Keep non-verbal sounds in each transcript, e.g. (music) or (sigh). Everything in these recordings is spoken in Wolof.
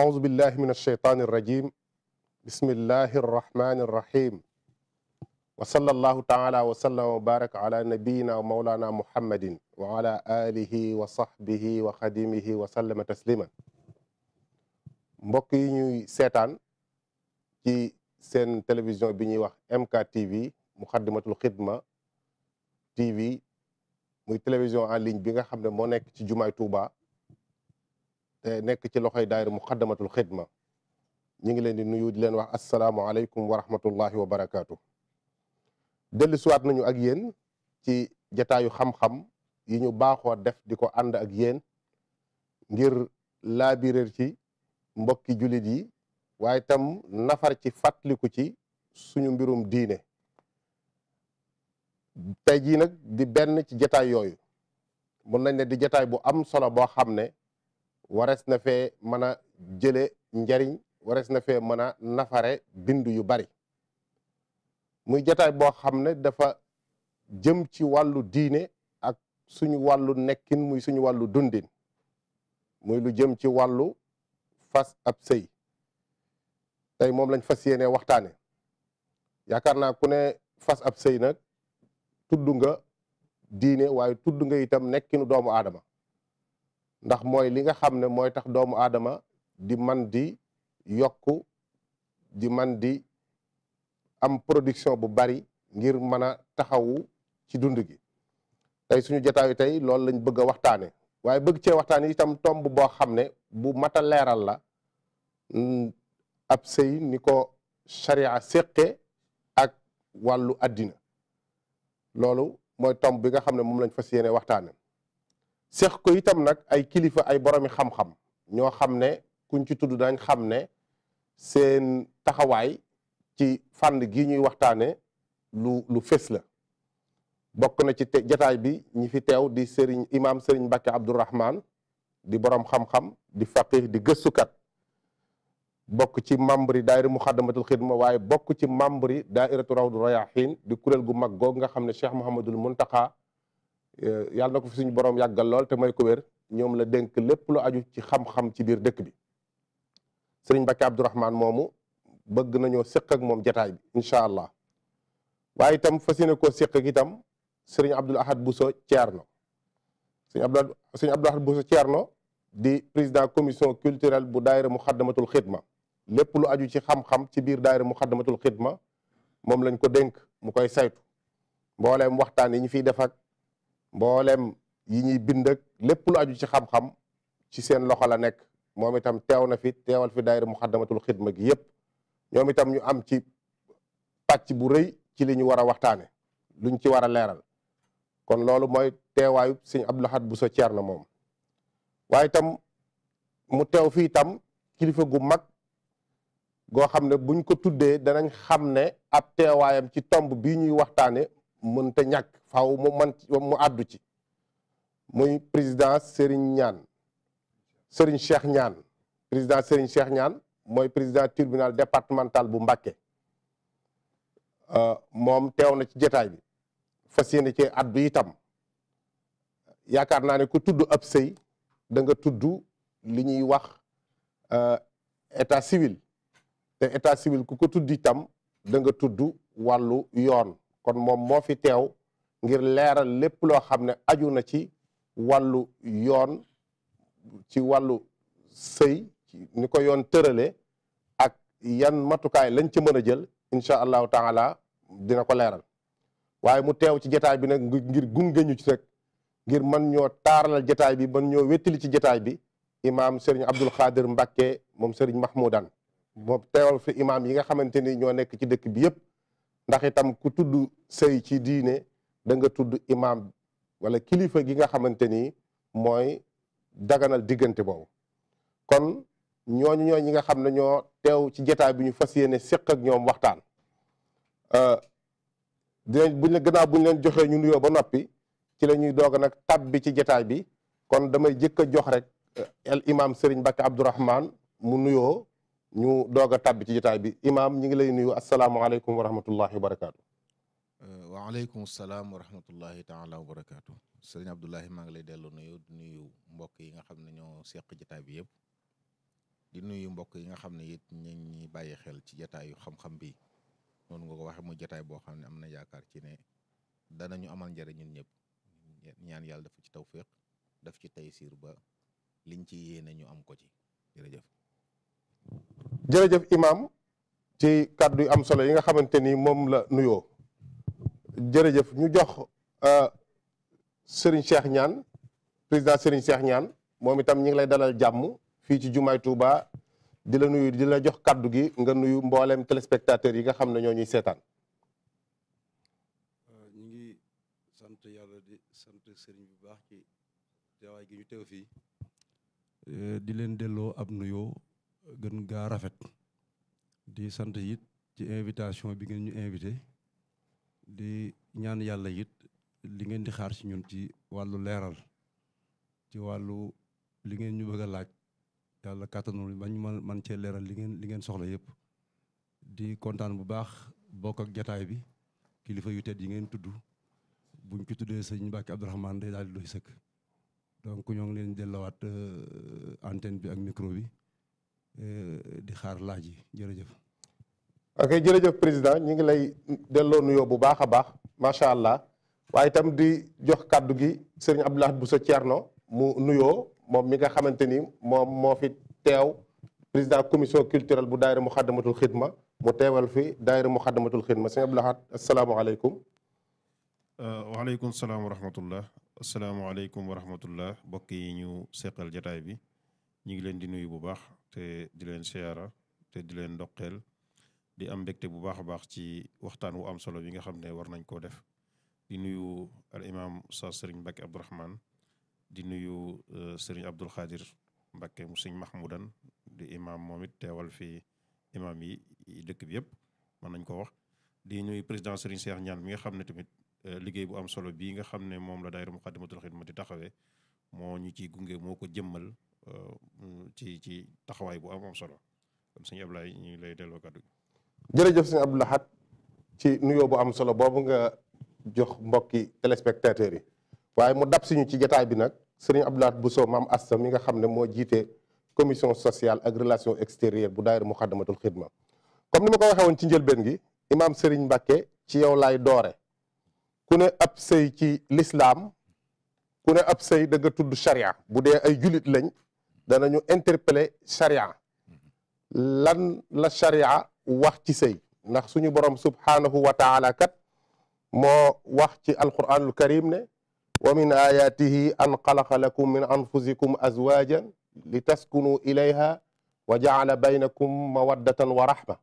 أعوذ بالله من الشيطان الرجيم بسم الله الرحمن الرحيم وصلى الله تعالى وسلم وبارك على نبينا ومولانا محمد وعلى آله وصحبه وخديمه وسلم تسليما mbokk yi ñuy seetaan ci seen télévision bi ñuy wax MK TV Muxaddamatul Xidma TV muy télévision en ligne bi nga xam ne moo nekk ci Jumaay Touba nekk ci loxoy daayira muqaddamatul xidma ñu ngi leen di nuyu di leen wax asalaamualeykum wa rahmatullahi wa barakaatu. dellu siwaat nañu ak yéen ci jataayu xam-xam yi ñu baaxoo def di ko ànd ak yéen ngir laabiréer ci mbokki jullit yi waaye tam nafar ci fàttaliku ci suñu mbirum diine tey jii nag di benn ci jataay yooyu mun nañ ne di jataay bu am solo boo xam ne warees na fee mën a jële njariñ warees na fee mën a nafare bindu yu bari muy jataay boo xam ne dafa jëm ci wàllu diine ak suñu wàllu nekkin muy suñu wàllu dundin muy lu jëm ci wàllu fas ab sëy tey moom lañ fas yéene waxtaane yaakaar na ku ne fas ab sëy nag tudd nga diine waaye tudd nga itam nekkinu doomu aadama ndax mooy li nga xam ne mooy tax doomu aadama di man di yokku di man di am production bu bari ngir mën a taxawu ci dund gi tey suñu jotaayu tey loolu lañ bëgg a waxtaane waaye bëgg cee waxtaane itam tomb boo xam ne bu mat a leeral la mm, ab sëy ni ko charia séqe ak wàllu addina loolu mooy tomb bi nga xam ne moom lañ fas yéene waxtaane seex ko itam nag ay kilifa ay boromi xam-xam ñoo xam ne kuñ ci tudd dañ xam ne seen taxawaay ci fànn gi ñuy waxtaane lu lu fés la bokk na ci jataay bi ñi fi teew di sëriñ imaam sëriñ Mbàkke Abdourahman di borom xam-xam di faqih di gëstukat bokk ci membre yi daayira muxaddamatul xidma waaye bokk ci membre yi daairatu rawdu rayahin di kuréel gu mag googu nga xam ne Cheikh Mouhamadul Muntaqa Euh, yàlla na ko fi suñu borom yàggal lool te may ko wér ñoom la dénk lépp lu aju ci xam-xam ci biir dëkk bi sëriñ Mbacke Abdourahman moomu bëgg nañoo séq ak moom jataay bi incha allah waaye itam fas yéene koo séq itam sëriñ Abdoul Ahad Bousso Thierno sëriñ Abdoul sëriñ Abdoul Ahad Bousso Thierno di président commission culturelle bu daayira Muxaddamatul Xidma lépp lu aju ci xam-xam ci biir daayira Muxaddamatul Xidma moom lañ ko dénk mu koy saytu mbooleem waxtaan yi ñu fiy def mboolem yi ñuy bind ak lépp lu aju ci xam-xam ci seen loxo la nekk moom itam teew na fi teewal fi daayira muxaddamatul xidma gi yëpp ñoom itam ñu am ci pàcc bu rëy ci li ñu war a waxtaane luñ ci war a leeral kon loolu mooy teewaayu sëñ Abdou Lahad Bousso Thierno moom waaye itam mu teew fii itam kilifa gu mag goo xam ne buñ ko tuddee danañ xam ne ab teewaayam ci tomb bii ñuy waxtaane mënta ñàkk faaw mu man mu àddu ci muy président Serigne Niane Serigne Cheikh ñaan président Serigne Cheikh ñaan mooy président tribunal départemental bu Mbacké euh, moom teew na ci jotaay bi fas yéene ci àddu itam yaakaar naa ne ku tudd ab sëy da nga tudd li ñuy wax euh, état civil te état civil ku ko tudd itam da nga tudd wàllu yoon kon moom moo fi teew ngir leeral lépp loo xam ne aju na ci wàllu yoon ci wàllu sëy ni ko yoon tërale ak yan matukaay lañ ci mën a jël incha allahu taala dina ko leeral waaye mu teew ci jataay bi nag ngir gunge ñu ci rek ngir man ñoo taaralal jataay bi man ñoo wettali ci jataay bi imaam Serigne Abdul Xaadir Mbakke moom Serigne Mahmoudan moom teewal fi imaam yi nga xamante ni ñoo nekk ci dëkk bi yëpp ndax itam ku tudd sëy ci diine da nga tudd imaam wala kilifa gi nga xamante ni mooy daganal diggante boobu kon ñooñu ñooñu ñi nga xam ne ñoo teew ci jotaay bi ñu fas yéene séq ak ñoom waxtaan euh, dinañ buñ la gannaaw buñ leen joxee ñu nuyoo ba noppi ci la ñuy doog nag tab bi ci jotaay bi kon damay jëkk a jox rek euh, imaam imam Serigne Mbacke Abdourahman mu nuyoo ñu doog a ci jotaay bi imaam ñu ngi lay nuyu asalaamualeykum wa rahmatullahi wa barakaatu. Euh, waaleykum salaam wa rahmatullahi taala wa barakaatu. sëriñ Abdullahi maa ngi lay delloo nuyu di nuyu mbokk yi nga xam ne ñoo seq jataay bi yëpp. di nuyu mbokk yi nga xam ne it ñu ngi bàyyi xel ci jataay xam-xam bi noonu nga ko waxee muy jotaay boo xam ne am na yaakaar ci ne danañu amal njëriñ ñun ñëpp ñaan yàlla dafa ci tawfiq daf ci taysiir ba liñ ci yéene ñu am ko ci jërëjëf. jërëjëf imaam ci kàddu yu am solo yi nga xamante ni moom la nuyoo jërëjëf ñu jox euh, Serigne Cheikh ñaan président Serigne Cheikh ñaan moom itam ñi ngi lay dalal jàmm fii ci Jumaay Touba di la nuyu di la jox kàddu gi nga nuyu mbooleem téléspectateurs yi nga xam ne ñoo ñuy seetaan. Euh, ñu ngi sant yàlla di sant Serigne bu baax ci teewaay gi ñu teew fii. Euh, di leen delloo am nuyoo. gën gaa rafet di sant yit ci invitation bi ngeen ñu invité di ñaan yàlla yit li ngeen di xaar ci ñun ci wàllu leeral ci wàllu li ngeen ñu bëgg a laaj yàlla kàttanul bañ man man cee leeral li ngeen li ngeen soxla yëpp di kontaan bu baax bokk ak jataay bi kilifa yu tedd yi ngeen tudd buñ ci tuddee sëñ Mbàkke Abdourahmane day daal di doy sëkk donc ñoo ngi leen dellowaat euh, antenne bi ak micro bi Euh, di xaar laaj yi jërëjëf. ok jërëjëf président ñu ngi lay delloo nuyoo bu baax a baax macha allah waaye itam di jox kàddu gi sëriñ Abdou bu Bousso Thierno mu nuyoo moom mi nga xamante ni moom moo fi teew président commission culturelle bu daayira Muxaddamatul Xidma mu teewal fi daayira Muxaddamatul Xidma sëriñ Abdou Lahad asalaamaaleykum. Euh, waaleykum salaam wa rahmatullah asalaamaaleykum wa rahmatullah mbokk yi ñu seqal jataay bi ñu ngi leen di nuyu bu baax. te di leen siyaara te di leen ndokkeel di am mbégte bu baax a baax ci waxtaan wu am solo bi nga xam ne war nañ koo def di nuyu al imam sa sëriñ Mbacke Abdourahman di nuyu euh, sëriñ Abdul Xaadir Mbacke mu sëriñ Mahmoudan di imam moom it teewal fi imam yi dëkk bi yëpp mën nañ ko wax di nuyu président sëriñ Cheikh Ñaan mi nga xam ne tamit euh, liggéey bu am solo bii nga xam ne moom la daayira Muqaddimatul Xidma di taxawee moo ñu ciy gunge moo ko jëmmal Euh, ci ci taxawaay bu am am solo kon sëñ Ablaye ñu ngi lay delloo kàddu gi jërëjëf sëñ Abdou Lahad ci nuyoo bu am solo boobu nga jox mbokki téléspectateurs yi waaye mu dab suñu ci jataay bi nag sëriñ Abdou Lahad Bousso maam Asta mi nga xam ne moo jiite commission sociale ak relation extérieure bu daayira Muxaddamatul Xidma comme ni ma ko waxee woon ci njëlbeen gi imaam Serigne Mbacke ci yow laay doore ku ne ab sëy ci lislaam ku ne ab sëy da tudd charia bu dee ay julit lañ danañu interpeller charia mm-hmm. lan la charia wax ci sëy ndax suñu borom subhaanahu wa taala kat moo wax ci alquranul karim ne wa min ayatihi an xalaqa lakum min anfusikum azwajan li taskunu ilayha wa jaala baynakum mawaddatan wa rahma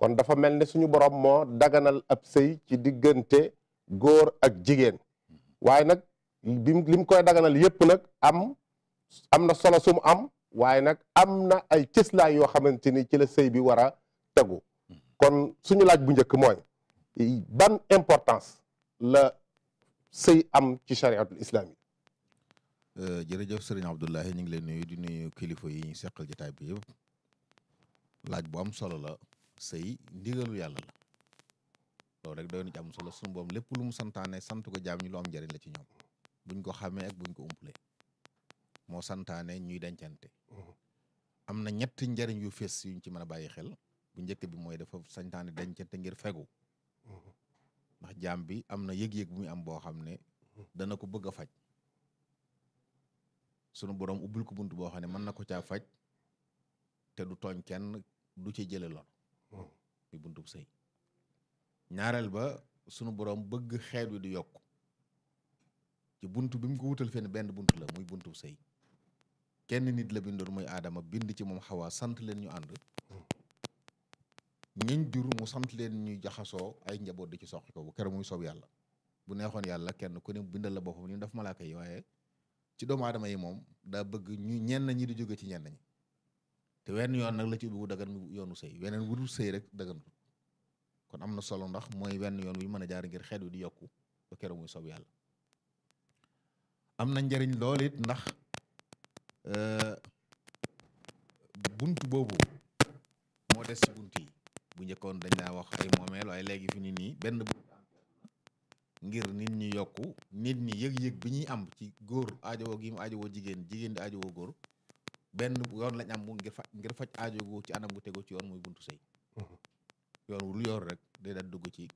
kon dafa mel ne suñu borom moo daganal ab sëy ci diggante góor ak jigéen mm-hmm. waaye nag bi lim koy daganal yépp nag am am na solo su am waaye nag am na ay cëslaay yoo xamante ni ci la sëy bi war a tegu kon suñu laaj bu njëkk mooy ban importance la sëy am ci chariatul islaam yi euh, jërëjëf sëriñ Abdoulahi ñu ngi leen nuyu di nuyu kilifa yi ñu seqal jotaay bi yëpp laaj bu am solo la sëy ndigalu yàlla la loolu rek doy na ci am solo suñu boom lépp lu mu santaane sant ko jaam ñi lu am njëriñ la ci ñoom buñ ko xamee ak buñ ko umpalee moo santaane ñuy dencante mhm. am na ñett njariñ yu fees yuñ ci mën a bàyyi xel bu njëkk bi mooy dafa santaane dencante ngir fegu mhm. ndax jaam bi am na yëg-yëg bu muy am boo xam ne mhm. dana ko bëgg a faj sunu borom ubbil ko bunt boo xam ne mën na ko caa faj te du tooñ kenn du ci jële lor muy buntub sëy ñaareel ba sunu borom bëgg xeet wi di yokk ci bunt bi mu ko wutal fenn benn bunt la muy bunt bu sëy kenn nit la bindoon mooy aadama bind ci moom xawaa sant leen ñu ànd ñiñ jur mu sant leen ñu jaxasoo ay njaboot di ci soxi ko bu kere yàlla bu neexoon yàlla kenn ku ne bindal la boppam ni mu def malaaka waaye ci aadama yi moom daa bëgg ñu ñenn ñi di jóge ci ñenn ñi yoon nag la ci ubbi bu yoonu sëy weneen wu dul sëy rek daganul kon am na solo ndax mooy wenn yoon wi mën a jaar ngir xeet di yokku ba kero muy soob yàlla am na njariñ lool ndax bunt boobu moo des ci bunt yi bu njëkkoon dañ laa wax ay moomeel waaye léegi fi ni nii benn ngir nit ñi yokku nit ñi yëg-yëg bi ñuy am ci góor aajowoo gi mu woo jigéen jigéen di aajowoo góor benn yoon lañ am ngir fa faj aajo gu ci anam gu tegu ci yoon muy buntu sëy mm-hmm. yoon wu lu yor rek day daal dugg ci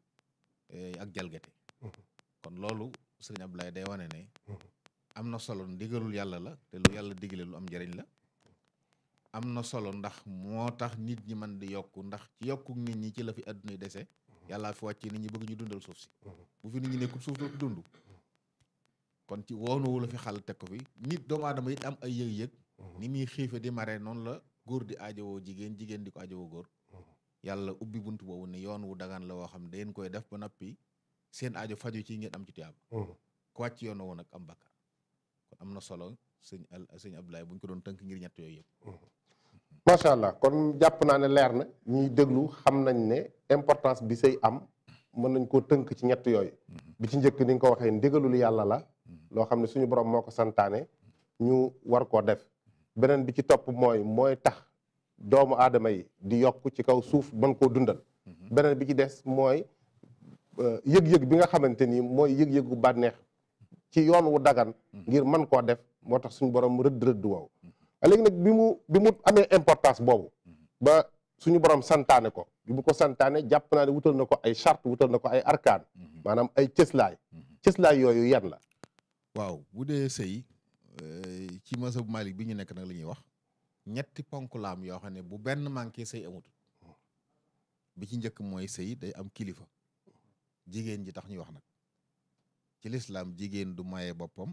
eh, ak jalgate mm-hmm. kon loolu sëriñ Abdoulaye day wane ne mm-hmm. am na solo ndigalul yàlla la te lu yàlla digle lu am njariñ la am na solo ndax moo tax nit ñi man di yokku ndax ci yokku nit ñi ci la fi àdduna yi dese yàllaa fi wàcce nit ñi bëgg ñu dundal suuf si bu fi nit ñi nekkul ci woonuwu fi xal teg ko fi nit doomu aadama it am ay yëg-yëg ni muy xiife di mare noonu la góor di aajowoo jigéen jigéen di ko aajowoo góor ubbi bunt boobu ne yoon wu dagaan la woo xam ne dangeen koy def ba noppi seen aajo faju ci am ci tuyaab wàcc yoon woo nag am bakkaar am na solo sëñ al sëñ bu ñu ko doon tënk ngir ñett yooyu yëpp. Mm-hmm. allah kon jàpp naa ne leer na ñuy déglu xam nañ ne importance bi sëy am mën nañ koo tënk ci ñett yooyu. Mm-hmm. bi ci njëkk ni nga ko waxee ndigalul yàlla la. Mm-hmm. loo xam ne suñu borom moo ko santaane ñu war koo def. beneen bi ci topp mooy mooy tax doomu aadama yi di yokk ci kaw suuf mën koo dundal. beneen bi ci des mooy euh, yëg-yëg bi nga xamante ni mooy yëg-yëgu bànneex ci yoon wu dagan ngir mën koo def moo tax suñu borom rëdd rëdd woowu léegi nag bi mu bi mu amee importance boobu ba suñu borom santaane ko bi mu ko santaane jàpp naa ne wutal na ko ay charte wutal na ko ay arkaan maanaam ay cëslaay cëslaay yooyu yan la waaw bu dee sëy eh, ci mazhab Malik bi ñu nekk nag la ñuy wax ñetti ponk la am yoo xam ne bu benn manqué sëy amut bi ci njëkk mooy sëy day am kilifa jigéen ji tax ñuy wax nag ci lislaam jigéen du maye boppam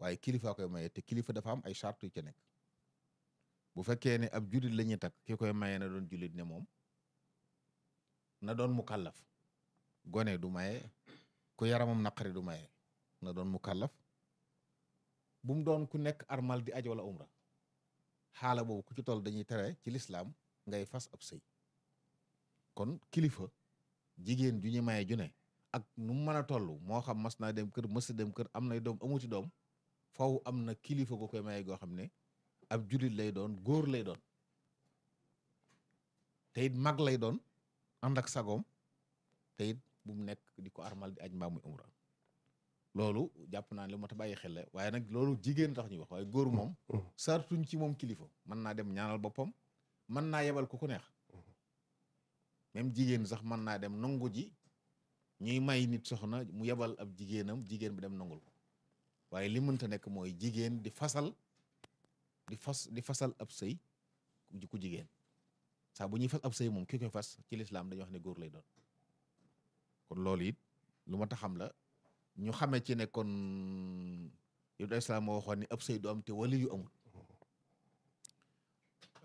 waaye kilifa koy maye te kilifa dafa am ay charte yu ci nekk bu fekkee ne ab jullit lañuy ñuy takk ki koy maye na doon jullit ne moom na doon mu kàllaf gone du maye ku yaramam naqari du maye na doon mu kàllaf bu mu doon ku nekk armal di aj wala umra xaala boobu ku ci toll dañuy tere ci lislaam ngay fas ab sëy kon kilifa jigéen ju ñu maye ju ne ak num mu mën a toll moo xam mas naa dem kër mës dem kër am nay doom amu doom faw am na kilifa gu koy maye goo xam ne ab julit lay doon góor lay doon te mag lay doon ànd ak sagoom te it bu mu nekk di ko armal di aj mbaa umra loolu jàpp naa ne lu mat a bàyyi xel waaye nag loolu jigéen tax ñuy wax waaye góor moom sartuñ ci moom kilifa mën naa dem ñaanal boppam mën naa yebal ku ko neex jigéen sax mën naa dem nangu ji ñuy may nit soxna mu yebal ab jigéenam jigéen bu dem nangul ko waaye li mënta nekk mooy jigéen di fasal di fas di fasal ab sëy ku jigéen saa bu ñuy fas ab sëy moom ki koy fas ci lislaam dañuy wax ne góor lay doon kon loolu it lu ma taxam la ñu xamee ci ne kon yooyu islaam moo waxoon ni ab sëy du am te wali yu amul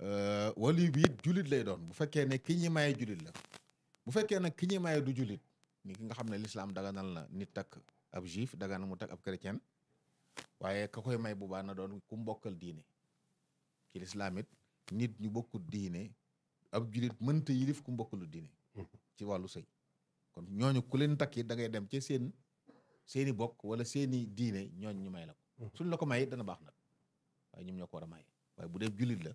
euh, wali bi it jullit lay doon bu fekkee ne ki ñi maye julit la bu fekkee nag ki ñi maye du julit ni ki nga xam ne lislaam daganal na nit takk ab juif daganal mu takk ab chrétien waaye ka koy may bu baax na doon ku mbokkal diine ci lislaam it nit ñu bokkut diine ab julit mënta yilif ku mbokkalu diine ci wàllu sëy kon ñooñu ku leen takk it da ngay dem ca seen seeni bokk wala seeni diine ñooñ ñu may la ko suñ la ko may dana baax nag waaye ñoom ñoo ko war a waaye bu dee julit la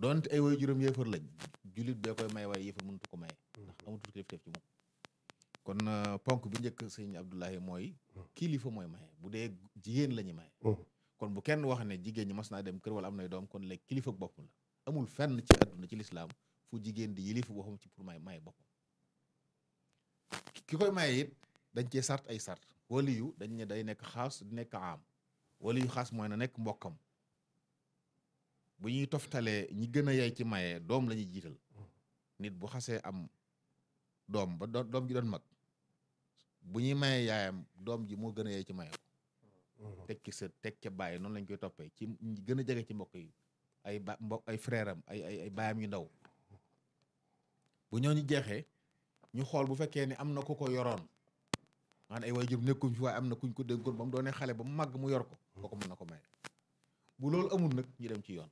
doonte ay way juróom yéefar lañ julit bee koy may waaye yéefar ci moom kon euh, ponk bi njëkk sëñ Abdoulaye mooy kilifa mooy maye bu dee jigéen la ñu maye hmm. kon bu kenn wax ne jigéen ñi mas naa dem kër wala am nay doom kon léegi kilifa bopp la amul fenn ci àdduna ci lislaam fu jigéen di yilifa boppam ci pour may bokk boppam ki koy maye it dañ cee sart ay sart waliyu dañ ne day nekk xaas di nekk am waliyu xaas mooy na nekk mbokkam bu ñuy toftalee ñi gën a yay ci maye doom la ñuy jiital hmm. nit bu xasee am doom ba doom ji doon mag bu ñuy mayee yaayam doom ji moo gën a yee ci maye mm-hmm. teg ci sët teg ca bàyyi noonu lañ koy toppee ci gën a jege ci mbokk yi ay ba mbokk ay frère ay ay ay baayam yu ndaw bu ñoo ñu jeexee ñu xool bu fekkee ni am na ku ko yoroon maanaam ay waajur nekkuñ fi waaye am na kuñ ko dénkoon ba mu doonee xale ba mu màgg mu yor ko kooku mën na ko maye bu loolu amul nag ñu dem ci yoon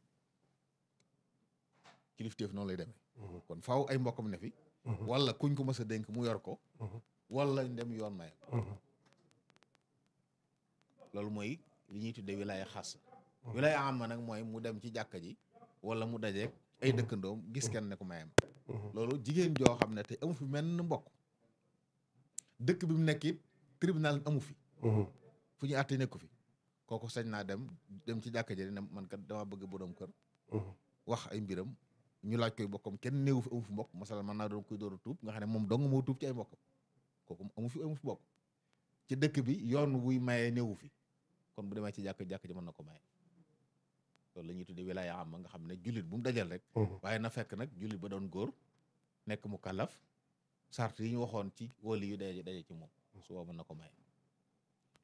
kilifteef noonu lay demee mm-hmm. kon faaw ay mbokkam ne fi mm-hmm. wala kuñ ko mës a dénk mu yor ko wala ñu yoon may mhm. loolu mooy li ñuy tuddee xas wilaya nag mooy mu dem ci jàkka ji wala mu dajeeg ay mhm. dëkkandoom gis kenn ne ko mhm. loolu jigéen joo xam ne te amu fi menn mbokk dëkk bi mu nekk it tribunal amu fi fu ñu àtte nekku fi kooku señ naa dem dem ci jàkka ji ne man kat dama bëgg borom kër wax ay mbiram ñu laaj koy bokkam kenn néewu fi amu fi mbokk masala man naa doon tuub nga xam ne moom dong moo tuub ci ay kooku amu fi amu bokk ci dëkk bi yoon wuy maye néewu fi kon bu demee ci jàkk jàkk ji na ko maye loolu la ñuy tuddee wilaaya nga xam ne julit bu mu dajal rek mhm. waaye na fekk nag jullit ba doon góor nekk mu kalaf sart yi ñu waxoon ci wóli yu daje ci moom mhm. su boo mën na ko maye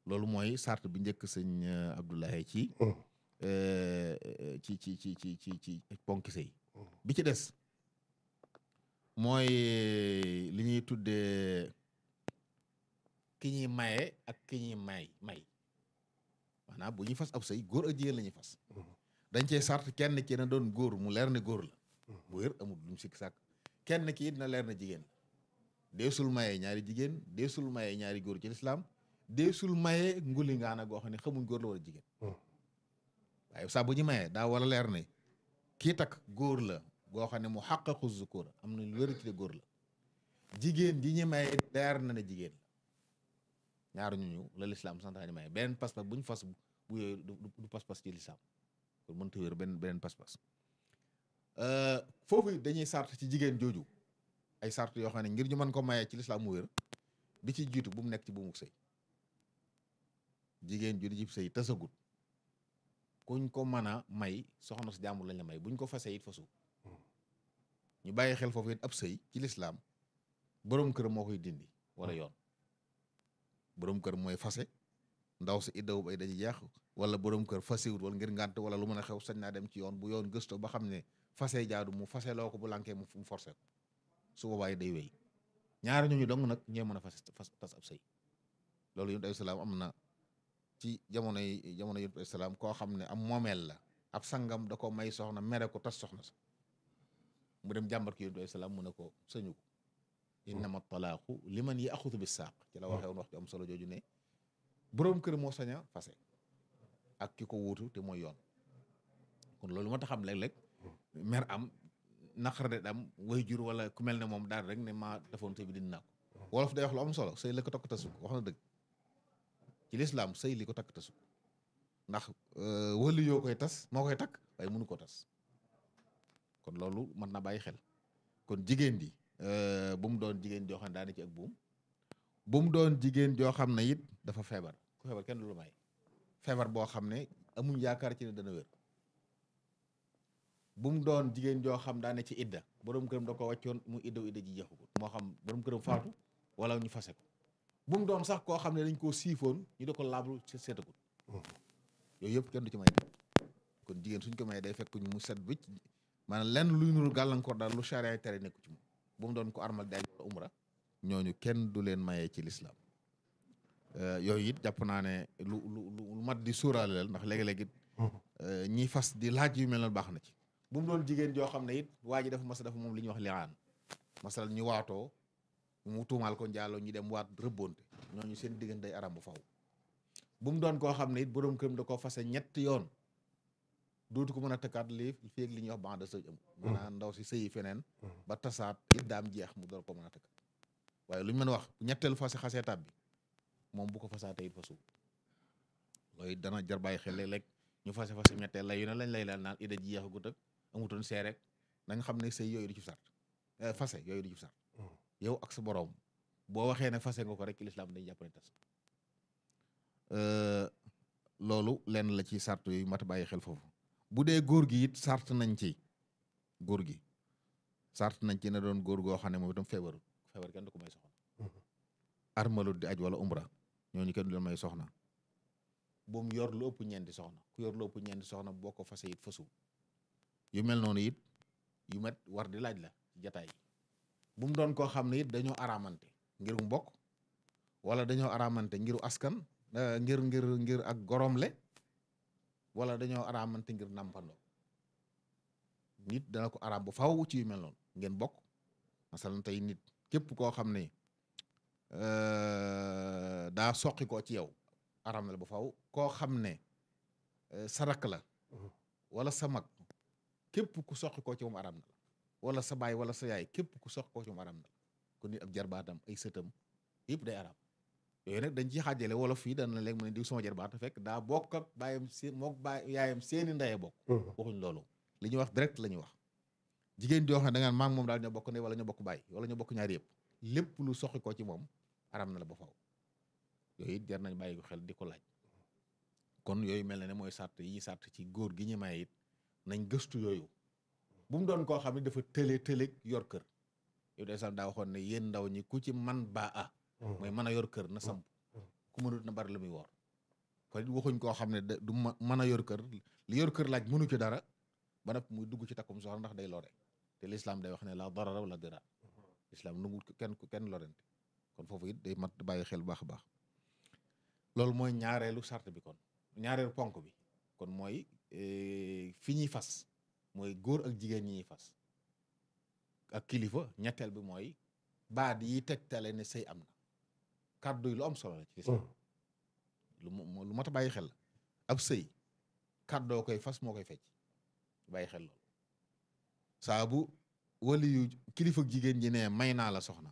loolu mooy sart bu njëkk sëñ euh, Abdoulaye ci mhm. euh, ci ci ci ci ci ci ponki bi ci des mooy euh, li ñuy tuddee ki ñuy maye ak ki ñuy may may maanaam bu ñuy fas ab say góor ak jigéen la fas mm-hmm. dañ cee sart kenn ki na doon góor mu leer ne góor la mm-hmm. bu wér amul lu mu sikk sàkk kenn ki it na leer na jigéen deesul maye ñaari jigéen deesul maye ñaari góor ci sul deesul maye nguli ngaana goo xam ne xamuñ góor la wala jigéen mm-hmm. waaye saa bu ñu mayee daa wala leer ne kii takk góor la goo xam ne mu xàqaqu zukura am na lu wér ci de góor la jigéen ji ñu maye leer na ne jigéen ñaar ñu ñu la lislaam santaane may beneen pas-pas bu ñu fas bu yooyu du pas-pas ci lislaam kon mënut benn beneen pas-pas euh, foofu dañuy sart ci jigéen jooju ay sart yoo xam ne ngir ñu mën ko mayee ci lislaam mu wér bi ci jiitu bu mu nekk ci bu mu jigéen ju di jib sëy tasagut ko mën a may soxna si jàmbur lañ may buñ ko fasee it fasu hmm. ñu bàyyi xel foofu it ab sëy ci lislaam boroom kër moo koy dindi wala hmm. yoon borom kër mooy fase ndaw si iddawu bay dañuy yàqu wala borom kër fasewut wala ngir ngànt wala lu mën a xew sañ naa dem ci yoon bu yoon gëstoo ba xam ne fase jaadu mu fase ko bu lànkee mu mu forcé ko su boobaa day wéy ñaar ñooñu dong nag ñee mën a fas tas ab say loolu yonent alayhi salaam am na ci jamono yi jamono yonent alayhi salaam koo xam ne am moomeel la ab sangam da ko may soxna mere ko tas soxna sa mu dem jàmbar ki yonent alayhi salaam mu ne ko sëñu ko innama talaaqu liman yaxudu bi saaq ci la waxee wax ju solo jooju ne boroom kër moo saña a fase ak ki ko wuutu te mooy yoon kon loolu moo tax am léeg-léeg mer am naqar de am way jur wala ku mel ne moom daal rek ne maa defoon sëy bi dindi naa ko wolof day wax lu ko takk tasuk wax ci lislaam sëy li takk tasuk ndax euh, wëlu yoo koy tas moo koy takk waaye mënu ko tas kon loolu na bàyyi xel kon jigéen di Euh, bu mu doon jigéen joo xam ne daana bu mu doon jigéen joo xam ne it dafa feebar ku feebar kenn du lu may feebar boo xam ne amuñ yaakaar ci ne dana wér bu mu doon jigéen joo xam daane ci idda borom këram da ko wàccoon mu iddaw idda ji jeexagul moo xam borom këram faatu wala ñu fase ko bu mu doon sax koo xam ne dañ koo siifoon ñu da ko laablu seetagul yooyu yëpp kenn du ci may kon jigéen suñ ko may day fekk ñu mu set wicc maanaam lenn luy nuru gàllankoor daal lu charia tere nekku ci moom bum doon ko armal di aj umra ñooñu kenn du leen maye ci lislaam euh, yooyu it jàpp naa ne lu lu mat di suuraale ndax léegi-léegi it euh, ñiy fas di laaj yu mel noonu baax na ci bu mu doon jigéen joo xam ne it waa ji dafa mas dafa moom li ñuy wax liaan masal ñu waatoo mu tuumaal ko njaaloo ñu dem waat rëbbonte ñooñu seen diggante day aram bu faw bu doon koo xam ne it borom këram da koo fase ñett yoon dootu ko mën a tëkkaat lii fii ak li ñuy wax ban de sëy amul maanaam mm. ndaw si sëyi feneen mm. ba tasaat iddaam jeex mu door ko mën a tëkkaat waaye lu ñu mën a wax ñetteelu fas xase tab bi moom bu ko fasaatee it fa suuf looy bàyyi xel léeg-léeg ñu fase fase ñetteel la yu ne lañ lay laal naan idda ji yeexagut see rek nañ xam ne sëy yooyu ci sart eh, fase yooyu du ci mm. yow ak sa borom boo waxee ne fase ko rek lislaam dañu jàpp ne tas eh, loolu lenn la ci sart yooyu mat a bàyyi xel foofu bu dee góor gi it sart nañ ci góor gi sart nañ ci na doon góor goo xam ne moom itam feebaru feebar kenn du ko may soxna mm-hmm. armalut di aj wala umra ñooñu kenn du soxna bu mu yor lu ëpp ñeenti soxna ku yor lu ëpp ñeenti soxna boo ko fase it fasu yu mel noonu it yu met war di laaj la jataay yi doon ko xam ne it dañoo aramante ngir mbokk wala dañoo aramante ngiru askan eh, ngir ngir ngir ak goromle wala dañoo araamante ngir nàmpandoo nit dana ko araam bu faw ci yu noonu ngeen bokk masalan tey nit képp koo xam ne euh, daa soqi koo ci yow araam na la bu faw koo xam ne euh, sa rakk la mhm. wala sa mag képp ku soqi koo ci moom araam na la wala sa baay wala sa yaay képp ku soqi koo ci moom kon nit ab jarbaatam ay sëtam yëpp day araam yooyu nag dañ ciy xaajale wolof yi dana léegi mu ne diw sama jarbaat fekk daa bokk ak seeni ndaye bokk uh-huh. waxuñ loolu li ñuy wax direct la ñuy wax jigéen di xam ne da ngaan maam moom daal ñoo bokk ne wala ñoo bokk bàyyi wala ñoo bokk ñaari yëpp lépp lu soxi ko ci moom aram na ba faw yooyu it jar nañ bàyyi ko xel di ko laaj kon yooyu mel na ne mooy sart yi sart ci góor gi ñu may it nañ gëstu yooyu bu mu doon koo xam ne dafa tële tële yor kër yow de daa waxoon ne yéen ndaw ñi ku ci man baa Mm. mooy mën a yor kër na samp mm. ku mënut na bari lu muy woor kon waxuñ koo xam ne du mën a yor kër li yor kër laaj mënu ci dara ba nag muy dugg ci takkum soxna ndax day lore te lislaam day wax ne la darara wala dira mm-hmm. lislaam nangu kenn kenn lorente kon foofu it day mat bàyyi xel baax a baax loolu mooy ñaareelu sart bi kon ñaareelu ponk bi kon mooy e, fi ñuy fas mooy góor ak jigéen ñi ñuy fas ak kilifa ñetteel bi mooy baat yi teg tegtale ne sëy am na kàddu yi lu am solo la ci mm. lu lu mat a bàyyi xel la ab sëy kàddoo koy fas moo koy fecc bàyyi xel loolu saa bu wali yu kilifa jigéen ji ne may naa la soxna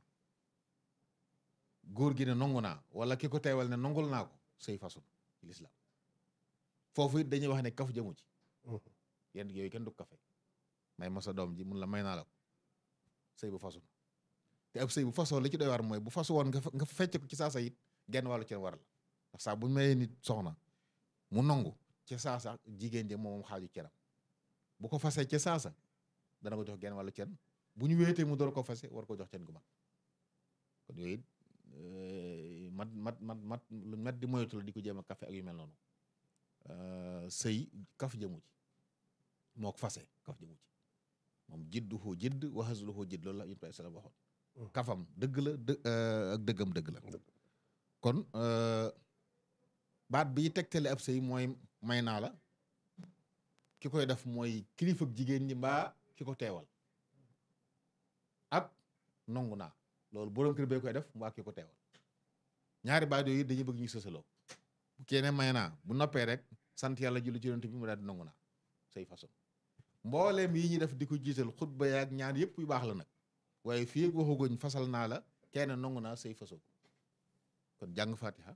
góor gi ne nangu naa wala ki ko teewal ne nangul naa ko sëy fasul foofu it dañuy wax ne kaf jamu mm. yooyu kenn du kafe doom ji mun la may naa la ko sëy bu na te sëy bu fasoo li ci doy war mooy bu fasu woon nga nga fecc ko ci saasa it genn wàllu ci war la ndax saa bu mayee nit soxna mu nangu ca saasa jigéen je moom xaaju ceram bu ko fasee ca saasa dana ko jox genn wàllu cen bu ñu wéetee mu door ko fase war ko jox cen gu mag kon yooyu eh, mat mat mat mat lu mat di moytu di ko jéem a kafe ak yu mel noonu eh, sëy kaf jëmu ci mook fase kaf jëmu ci moom jidduhu jidd wa hazluhu jidd loolu la yuntu islam waxoon kafam dëgg la dë euh, dëggam dëgg la kon euh, baat bi tegtale ab sëy mooy may naa la ki koy def mooy kilifa jigéen ñi mbaa ki ko teewal ak nongu naa loolu borom kër bee koy def mbaa ki ko teewal ñaari baat yooyu dañu bëgg ñu sësaloo bu keneen may naa bu noppee rek sant yàlla ji ci yonent bi mu daal di nongu naa say façon mbooleem yi ñu def di ko jiital xutba yaak ñaan yëpp yu baax la nag waaye fii waxaguñ fasal naa la kenn nongu naa say fasoo kon jàng fatiha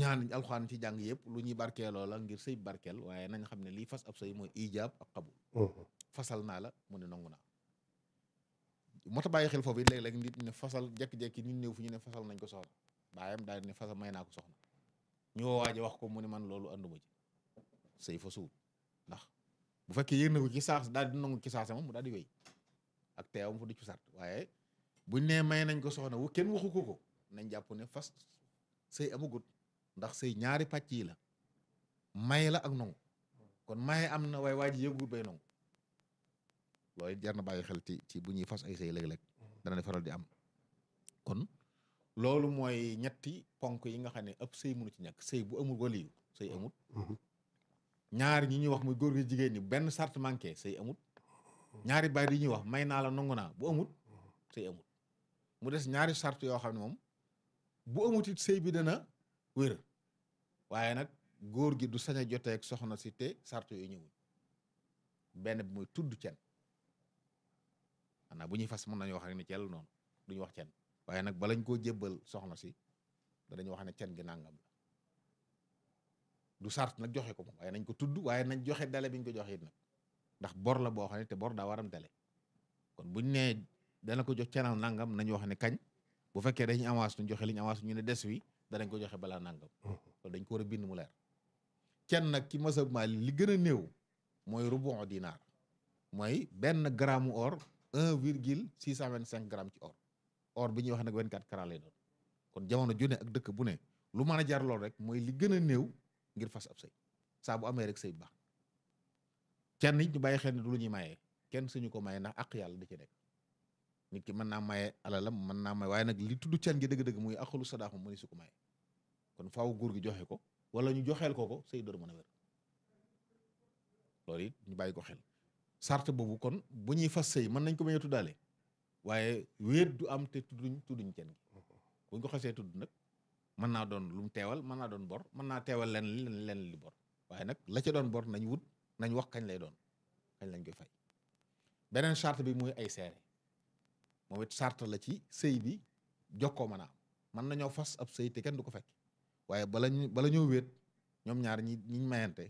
ñaan alxuraan ci jàng yëpp lu ñuy barkeeloo la ngir sëy barkeel waaye nañ xam ne lii fas ab sëy mooy ijaab ak qabul mhm. fasal naa la mu ne nangu naa moo tax xel foofu it léeg-léeg nit ne fasal jekki-jekki nit ñëw fu ñu ne fasal nañ ko soxna baayam daal ne fasal may naa ko soxna ñu waaje wax ko mu ne man loolu anduma ci sëy fasuwul ndax bu fekkee yéen na ko ci saas daal di nangu ci saasa mu daal di ak teewam fu du ci sart waaye bu ne may nañ ko soxna wu kenn waxu ko ko nañ jàpp ne fas sey amagut ndax sey ñaari pàcc yi la may la ak nongu kon may am na waaye waa ji yëgul bay nongu loolu jar na bàyyi ci bu ñuy fas ay sëy léeg-léeg dana faral di am loolu mooy ñetti ponk yi nga xam ne ëpp sëy mënu ci ñàkk sey bu amul waliyu sëy amut mhm. ñaar ñi ñuy wax muy góor gi jigéen ñi benn sart manqué sey amut ñaari baat yi ñuy wax may naa la nangu naa bu amut sëy amut mu des ñaari sart yoo xam ne moom bu amut sey bi dana wér waaye nag góor gi du sañ a ak soxna si te sart yooyu ñëwuñ benn bi mooy tudd cen xanaa bu ñuy fas mën nañu wax rek ne noonu duñu wax cen waaye nag balañ koo jébbal soxna si danañu wax ne cen gi nangam la du sart nag joxe ko moom waaye nañ ko tudd waaye nañ joxe dale bi ñu ko joxe it nag ndax bor la boo xam ne te bor daa waram tele kon buñ nee dana ko jox canal nangam nañu wax ne kañ bu fekkee dañuy avance ñu joxe liñ avance ñu ne des wi danañ ko joxe balaa nangam loolu dañ ko war a bind mu leer kenn nag ki masab Maali li gën a néew mooy rubon dinaar mooy benn gramme or un virgule six cent vingt cinq gramme ci or or bi ñuy wax nag vingt quatre carats lay doon kon jamono ju ak dëkk bu ne lu mën a jar lool rek mooy li gën a néew ngir fas ab sëy saa bu amee rek sëy baax ca nit ñu bàyyi xel ne du lu ñuy maye kenn suñu ko maye ndax àq yàlla di ci nekk nit ki mën naa maye alalam mën naa maye waaye nag li tudd can gi dëgg-dëgg muy àqalu sadaax mu mëni su ko maye kon faaw góor gi joxe ko wala ñu joxeel ko ko say dóor mën a wér it ñu bàyyi ko xel sart boobu kon bu ñuy fas sëy mën nañ ko bañ tuddaale waaye wéet du am te tudduñ tudduñ can gi ko xasee tudd nag mën naa doon lu mu teewal mën naa doon bor mën naa teewal leen leen li bor waaye nag la ca doon bor nañ wut nañ wax kañ lay doon kañ lañ koy fay beneen charte bi muy ay seere moom it charte la ci sëy bi jokkoo mën a mën nañoo fas ab sëy te kenn du ko fekk waaye bala ñu bala ñoo wéet ñoom ñaar ñi ñiñ mayante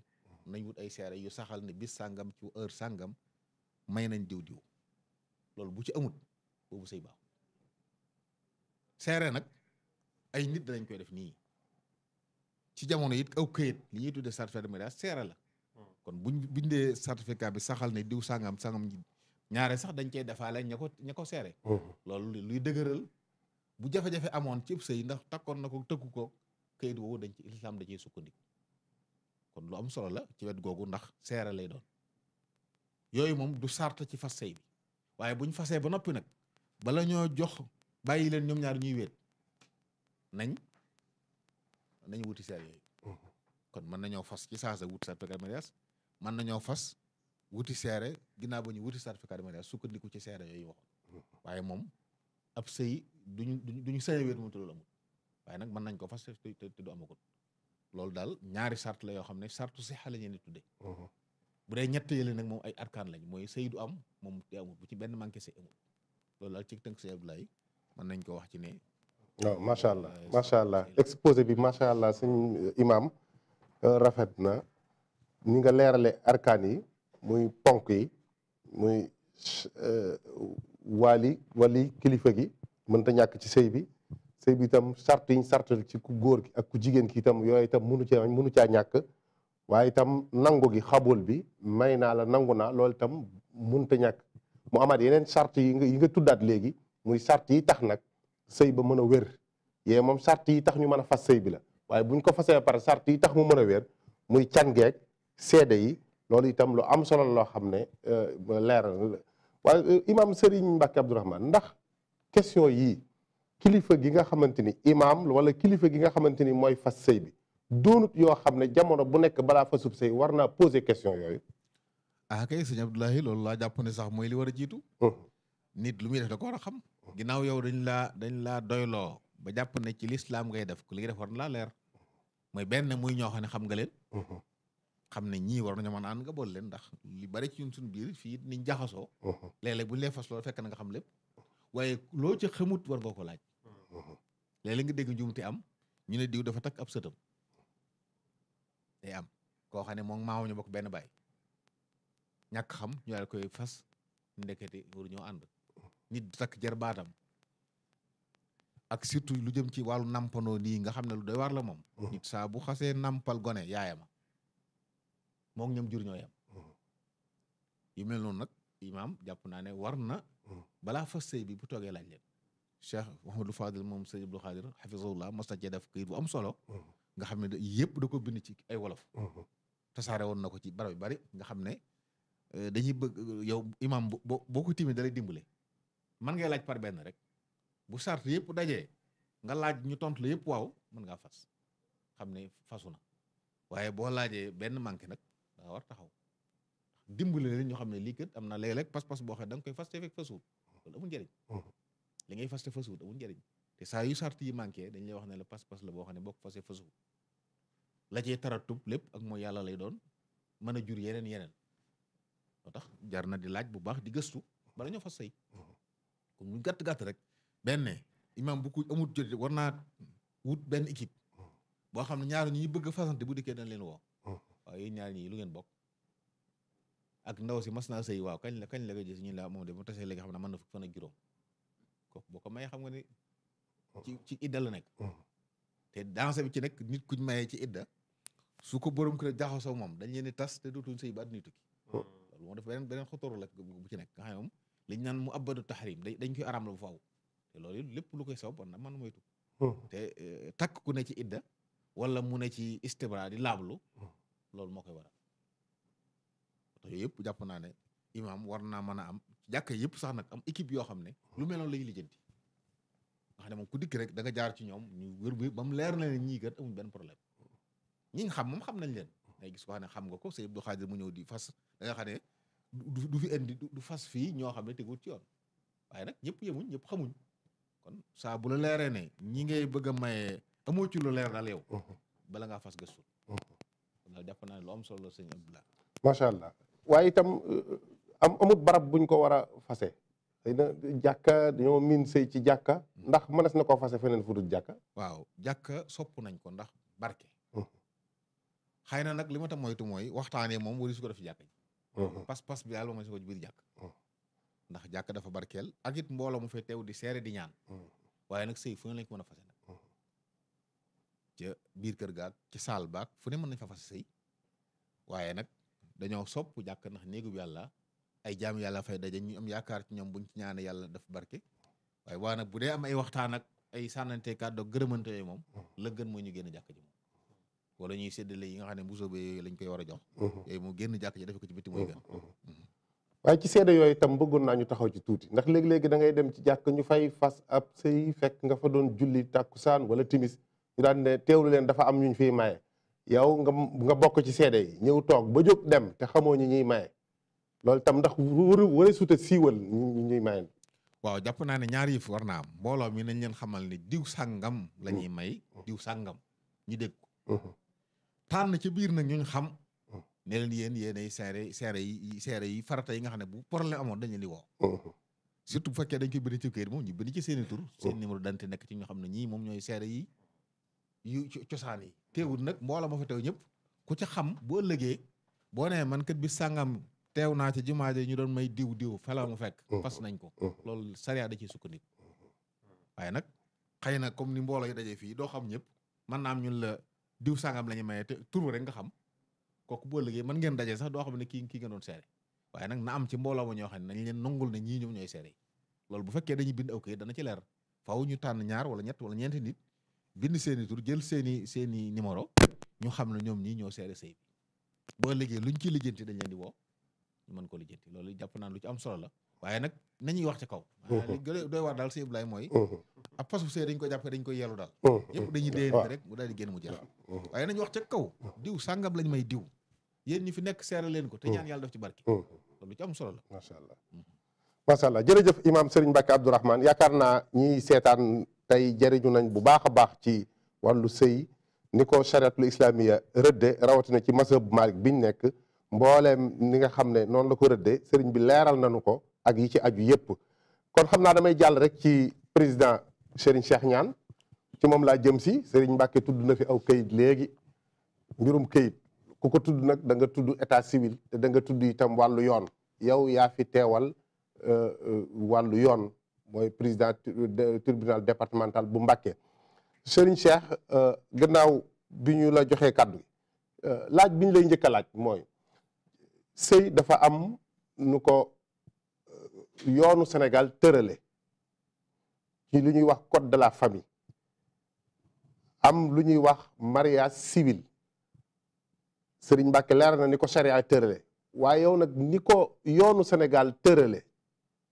nañ wut ay seere yu saxal ne bis sàngam ci heure sàngam may nañ diw diw loolu bu ci amut boobu sëy baaxul seere nag ay nit lañ koy def nii ci jamono yit aw këyit li ñuy tudde certificat de mariage seere la kon buñ bindee certificat bi saxal na diw sangam sangam ñaare sax dañ cey defaale ña ko ña ko seere mhm. loolu luy dëgëral bu jafe-jafe amoon ci sëy ndax takkoon na ko tëkku ko kayit woowu dañ ci lislaam da ciy sukkandiku kon lu am solo la ci wet googu ndax seere lay doon yooyu moom du sart ci fas sëy bi waaye buñ fasee ba noppi nag bala ñoo jox bàyyi leen ñoom ñaar ñuy wéet nañ nañ wuti seer yooyu mhm. kon mën nañoo fas ci saasa wut certificat mariage mën nañoo fas wuti seere ginnaaw ba ñu wuti certificat de mariage sukkandiku ci seere yooyu waxoon waaye moom ab sëy duñu duñu sëy wéet moom te loolu amul waaye nag mën nañ ko fas te du amagul loolu daal ñaari sart la yoo xam ne sartu sixa la ñuy tuddee bu dee ñett yële nag moom ay arkaan lañ mooy sëy du am moom te amul bu ci benn manqué sëy amul loolu daal ci tënk sëy Abdoulaye mën nañ ko wax ci ne waaw allah euh, macha allah exposé bi macha allah suñ euh, imam euh, rafet na ni nga leerale arkaan yi muy ponk yi muy euh, waali wali kilifa gi mënta ñàkk ci sëy bi sëy bi tam sart yiñ sartal ci ku góor gi ak ku jigéen ki itam yooyu itam munu caa munu caa ñàkk waaye itam nangu gi xabul bi may naa la nangu naa lool itam mënta ñàkk mu amaat yeneen sart yi nga yi nga tuddaat léegi muy sart yi tax nag sëy ba mën a wér yee moom sart yi tax ñu mën a fas sëy bi la waaye buñ ko fasee par sart yi tax mu mën a wér muy can cangeeg seede yi loolu itam lu am solo loo xam ne euh, leeral la waaye euh, imaam Serigne Mbacke Abdourahmane ndax question yi kilifa gi nga xamante ni imaam wala kilifa gi nga xamante ni mooy fas sëy bi doonut yoo xam ne jamono bu nekk balaa fasub sëy war naa poser question yooyu. ah kay sëñ Abdoulahi loolu laa jàpp ne sax mooy li war a jiitu. nit lu muy def da ko war a xam. ginnaaw yow dañ laa dañ laa doyloo ba jàpp ne ci lislaam ngay def ku li nga def war na laa leer mooy benn muy ñoo xam ne xam nga leen. xam ne ñii war nañoo mën a ànd nga bool leen ndax li bari ci ñun suñu biir fii niñ jaxasoo uh-huh. léeg bu ñu lee fas loolu fekk na nga xam lépp waaye loo ci xamut war nga ko laaj uh-huh. léeg-léeg nga dégg njuumte am ñu ne diw dafa takk ab sëtam day am koo xam ne moom maaw ñu bokk benn baay ñàkk xam ñu koy fas ndekete waru ñoo ànd nit takk jar baatam ak surtout lu jëm ci wàllu nampandoo nii nga xam ne lu doy war la moom uh-huh. nit saa bu xasee nampal gone yaayama moom ñam jur ñoo yem mm-hmm. yu mel noonu nag imaam jàpp naa ne war na mm-hmm. balaa fa sey bi bu toogee laaj leen cheikh Mouhamadou Fadil moom sey Abdou Khadir hafizahullah mas na cee def këyit bu am solo mm-hmm. nga xam ne yëpp da ko bind ci ay wolof tasaare woon na ko ci barab yu bari nga xam ne eh, dañuy bëgg yow imaam boo boo ko timee dalay dimbale man nga laaj par benn rek bu sart yëpp daje nga laaj ñu tontu la yëpp waaw mën ngaa fas xam ne fasu na waaye boo laajee benn manqué nag daa war taxaw dimbali leen ñoo xam ne lii kat am na léeg-léeg pas-pas boo xam ne da nga koy faste fekk fasuut loolu amul njëriñ mhm. li ngay te saa yu sart yi manqué dañ lay wax ne la pas-pas la boo xam ne lépp ak mooy yàlla lay doon mën a jur yeneen yeneen loo tax jar na di laaj bu baax di gëstu bala ñoo fas say mhm. kon ñu gàtt-gàtt rek benn imam bu ku amut jot war naa wut benn équipe mhm. boo xam ne ñaar ñi bëgg a fasante bu dikkee dañ leen woo waaw yéen ñaar ñii lu ngeen bokk ak ndaw si mas naa sëy waaw kañ la kañ la ko gis ñu la moom de mu tasee léegi xam ne man na fukk fan ak juróom kooku boo ko mayee xam nga ni ci ci idda la nekk te danse bi ci nag nit kuñ mayee ci idda su ko borom kër jaxasoo moom dañ leen di tas te dootuñ sëy ba àdduna tukki loolu moom dafa beneen beneen xotoru la bu ci nekk nga xam ne moom liñ naan mu abadu dañ koy araam la bu faaw te lépp lu koy saw bon na moy moytu te eh, takk ku ne ci idda wala mu ne ci istibra di laablu loolu moo koy waral oto yooyu yëpp jàpp naa ne imaam war naa mën a am jàkka yëpp sax nag am équipe yoo xam ne lu meloon lay lijjanti nga xam ne moom ku dikk rek da nga jaar ci ñoom ñu wër bu ba mu leer na leen ñii kat amuñ benn problème ñi nga xam moom xam nañ leen day gis ko xam ne xam nga ko sëñ Abdou Khadir mu ñëw di fas da nga du du fi indi du fas fii ñoo xam ne ci yoon waaye nag ñëpp yemuñ ñëpp xamuñ kon saa bu la leeree ne ñii ngay bëgg a maye amoo ci lu leer daal yow uh-huh. bala ngaa fas gëstu jàpp naa lu am solo sëñ Abdoulaye macha allah waaye itam euh, am amut barab buñ ko war a fase xëy na jàkka dañoo miin sëy ci jàkka ndax mënees na ko fase feneen fu dul jàkka waaw jàkka sopp nañ ko ndax barke xëy na nag li ma tam moytu mooy waxtaanee moom wari su ko def ci jàkka ji pas-pas bi yàlla ma si ko biir jàkk ndax jàkk dafa barkeel ak it mbooloo mu fay teew di seere di ñaan waaye nag sëy fu lañ ko mën fase ca biir kër gaak ci saal baak fu ne mën nañ fa fas sëy waaye nag dañoo sopp jàkk ndax néegub yàlla ay jaam yàlla fay daje ñu am yaakaar ci ñoom buñ ci ñaane yàlla daf barke waaye waa nag bu dee am ay waxtaan ak ay sànnante kàddu gërëmante yooyu moom mhm. la gën mooy ñu génn jàkk ji moom wala ñuy séddale nga xam ne bu soobee lañ koy war a jox mhm. yooyu mu génn jàkk ji defe ko ci bitti mooy gën mhm. waaye ci seede yooyu tam bëggoon naa ñu taxaw ci tuuti ndax léegi-léegi da ngay dem ci jàkk ñu fay fas ab sëy fekk nga fa doon julli tàkkusaan wala timis ñu daan ne leen dafa am ñu fi maye yow nga nga bokk ci seede yi ñëw toog ba jóg dem te xamoo ñu ñuy maye loolu tam ndax war war a suuta siiwal ñu ñuy maye. waaw jàpp naa ne ñaari yëf war na am mbooloo mi nañ leen xamal ni diw sàngam la mm-hmm. may diw sàngam ñu dégg ko mm-hmm. tànn ci biir nag ñuñ xam mm-hmm. ne leen yéen yéenay seere seere yi seere yi farata yi nga xam ne bu problème amoon dañu leen di woo surtout bu fekkee dañ koy bind ci kayit moom ñu bind ci seen i tur seen numéro d'identité nekk ci ñu xam ne ñii moom ñooy seere yi yu cosaan yi teewul nag mbooloo ma fa teew ñëpp ku ca xam boo ëllëgee boo nee man kat bi sangam teew naa ci jumaa ji ñu doon may diw diw fala mu fekk mm-hmm. fas nañ ko mm-hmm. lool sariya da ciy sukkandiku waaye nag xëy na comme ni mbooloo yi dajee fii doo xam ñëpp man naam ñun la diw sàngam la ñu maye te tur rek nga xam kooku boo ëllëgee mën ngeen dajee sax doo xam ne kii kii nga seere waaye nag na am ci mbooloo ma ñoo xam leen nongul ne ñii ñoom ñooy seere yi loolu bu fekkee dañuy bind aw dana ci leer faaw ñu tànn ñaar wala ñett wala ñeenti nit bind seeni tur jël seeni seeni numéro ñu xam ne ñoom ñii ñoo seere sëy bi boo liggéey luñ ci lijjanti dañ leen di woo ñu mën ko lijjanti loolu jàpp naa lu ci am solo la waaye nag nañuy wax ci kaw li doy waar nañu wax ca kaw diw sàngam lañ may diw yéen ñi fi nekk seere leen ko te ñaan yàlla def ci barke lu ci am solo la macha allah macha allah jërëjëf imam yaakaar naa ñiy seetaan tey jariñu nañ bu baax a baax ci wàllu sëy ni ko chariatul islamiya rëdde rawatina ci mazhab Malik biñ nekk mbooleem ni nga xam ne noonu la ko rëdde sëriñ bi leeral nañu ko ak yi ci aju yépp kon xam naa damay jàll rek ci président Serigne Cheikh ñaan ci moom laa jëm si Serigne Mbacke tudd na fi aw kayit léegi mbirum kayit ku ko tudd nag da nga tudd état civil te danga nga tudd itam wàllu yoon yow yaa fi teewal euh, euh, wàllu yoon mooy président tribunal départemental bu Mbacké Serigne Cheikh euh, gannaaw bi ñu la joxee kàddu gi euh, laaj bi ñu lay njëkk a laaj mooy sëy dafa am nu ko euh, yoonu Sénégal tërale ci lu ñuy wax code de la famille am lu ñuy wax mariage civil Serigne Mbacké leer na ni ko charia tërale waaye yow nag ni ko yoonu Sénégal tërale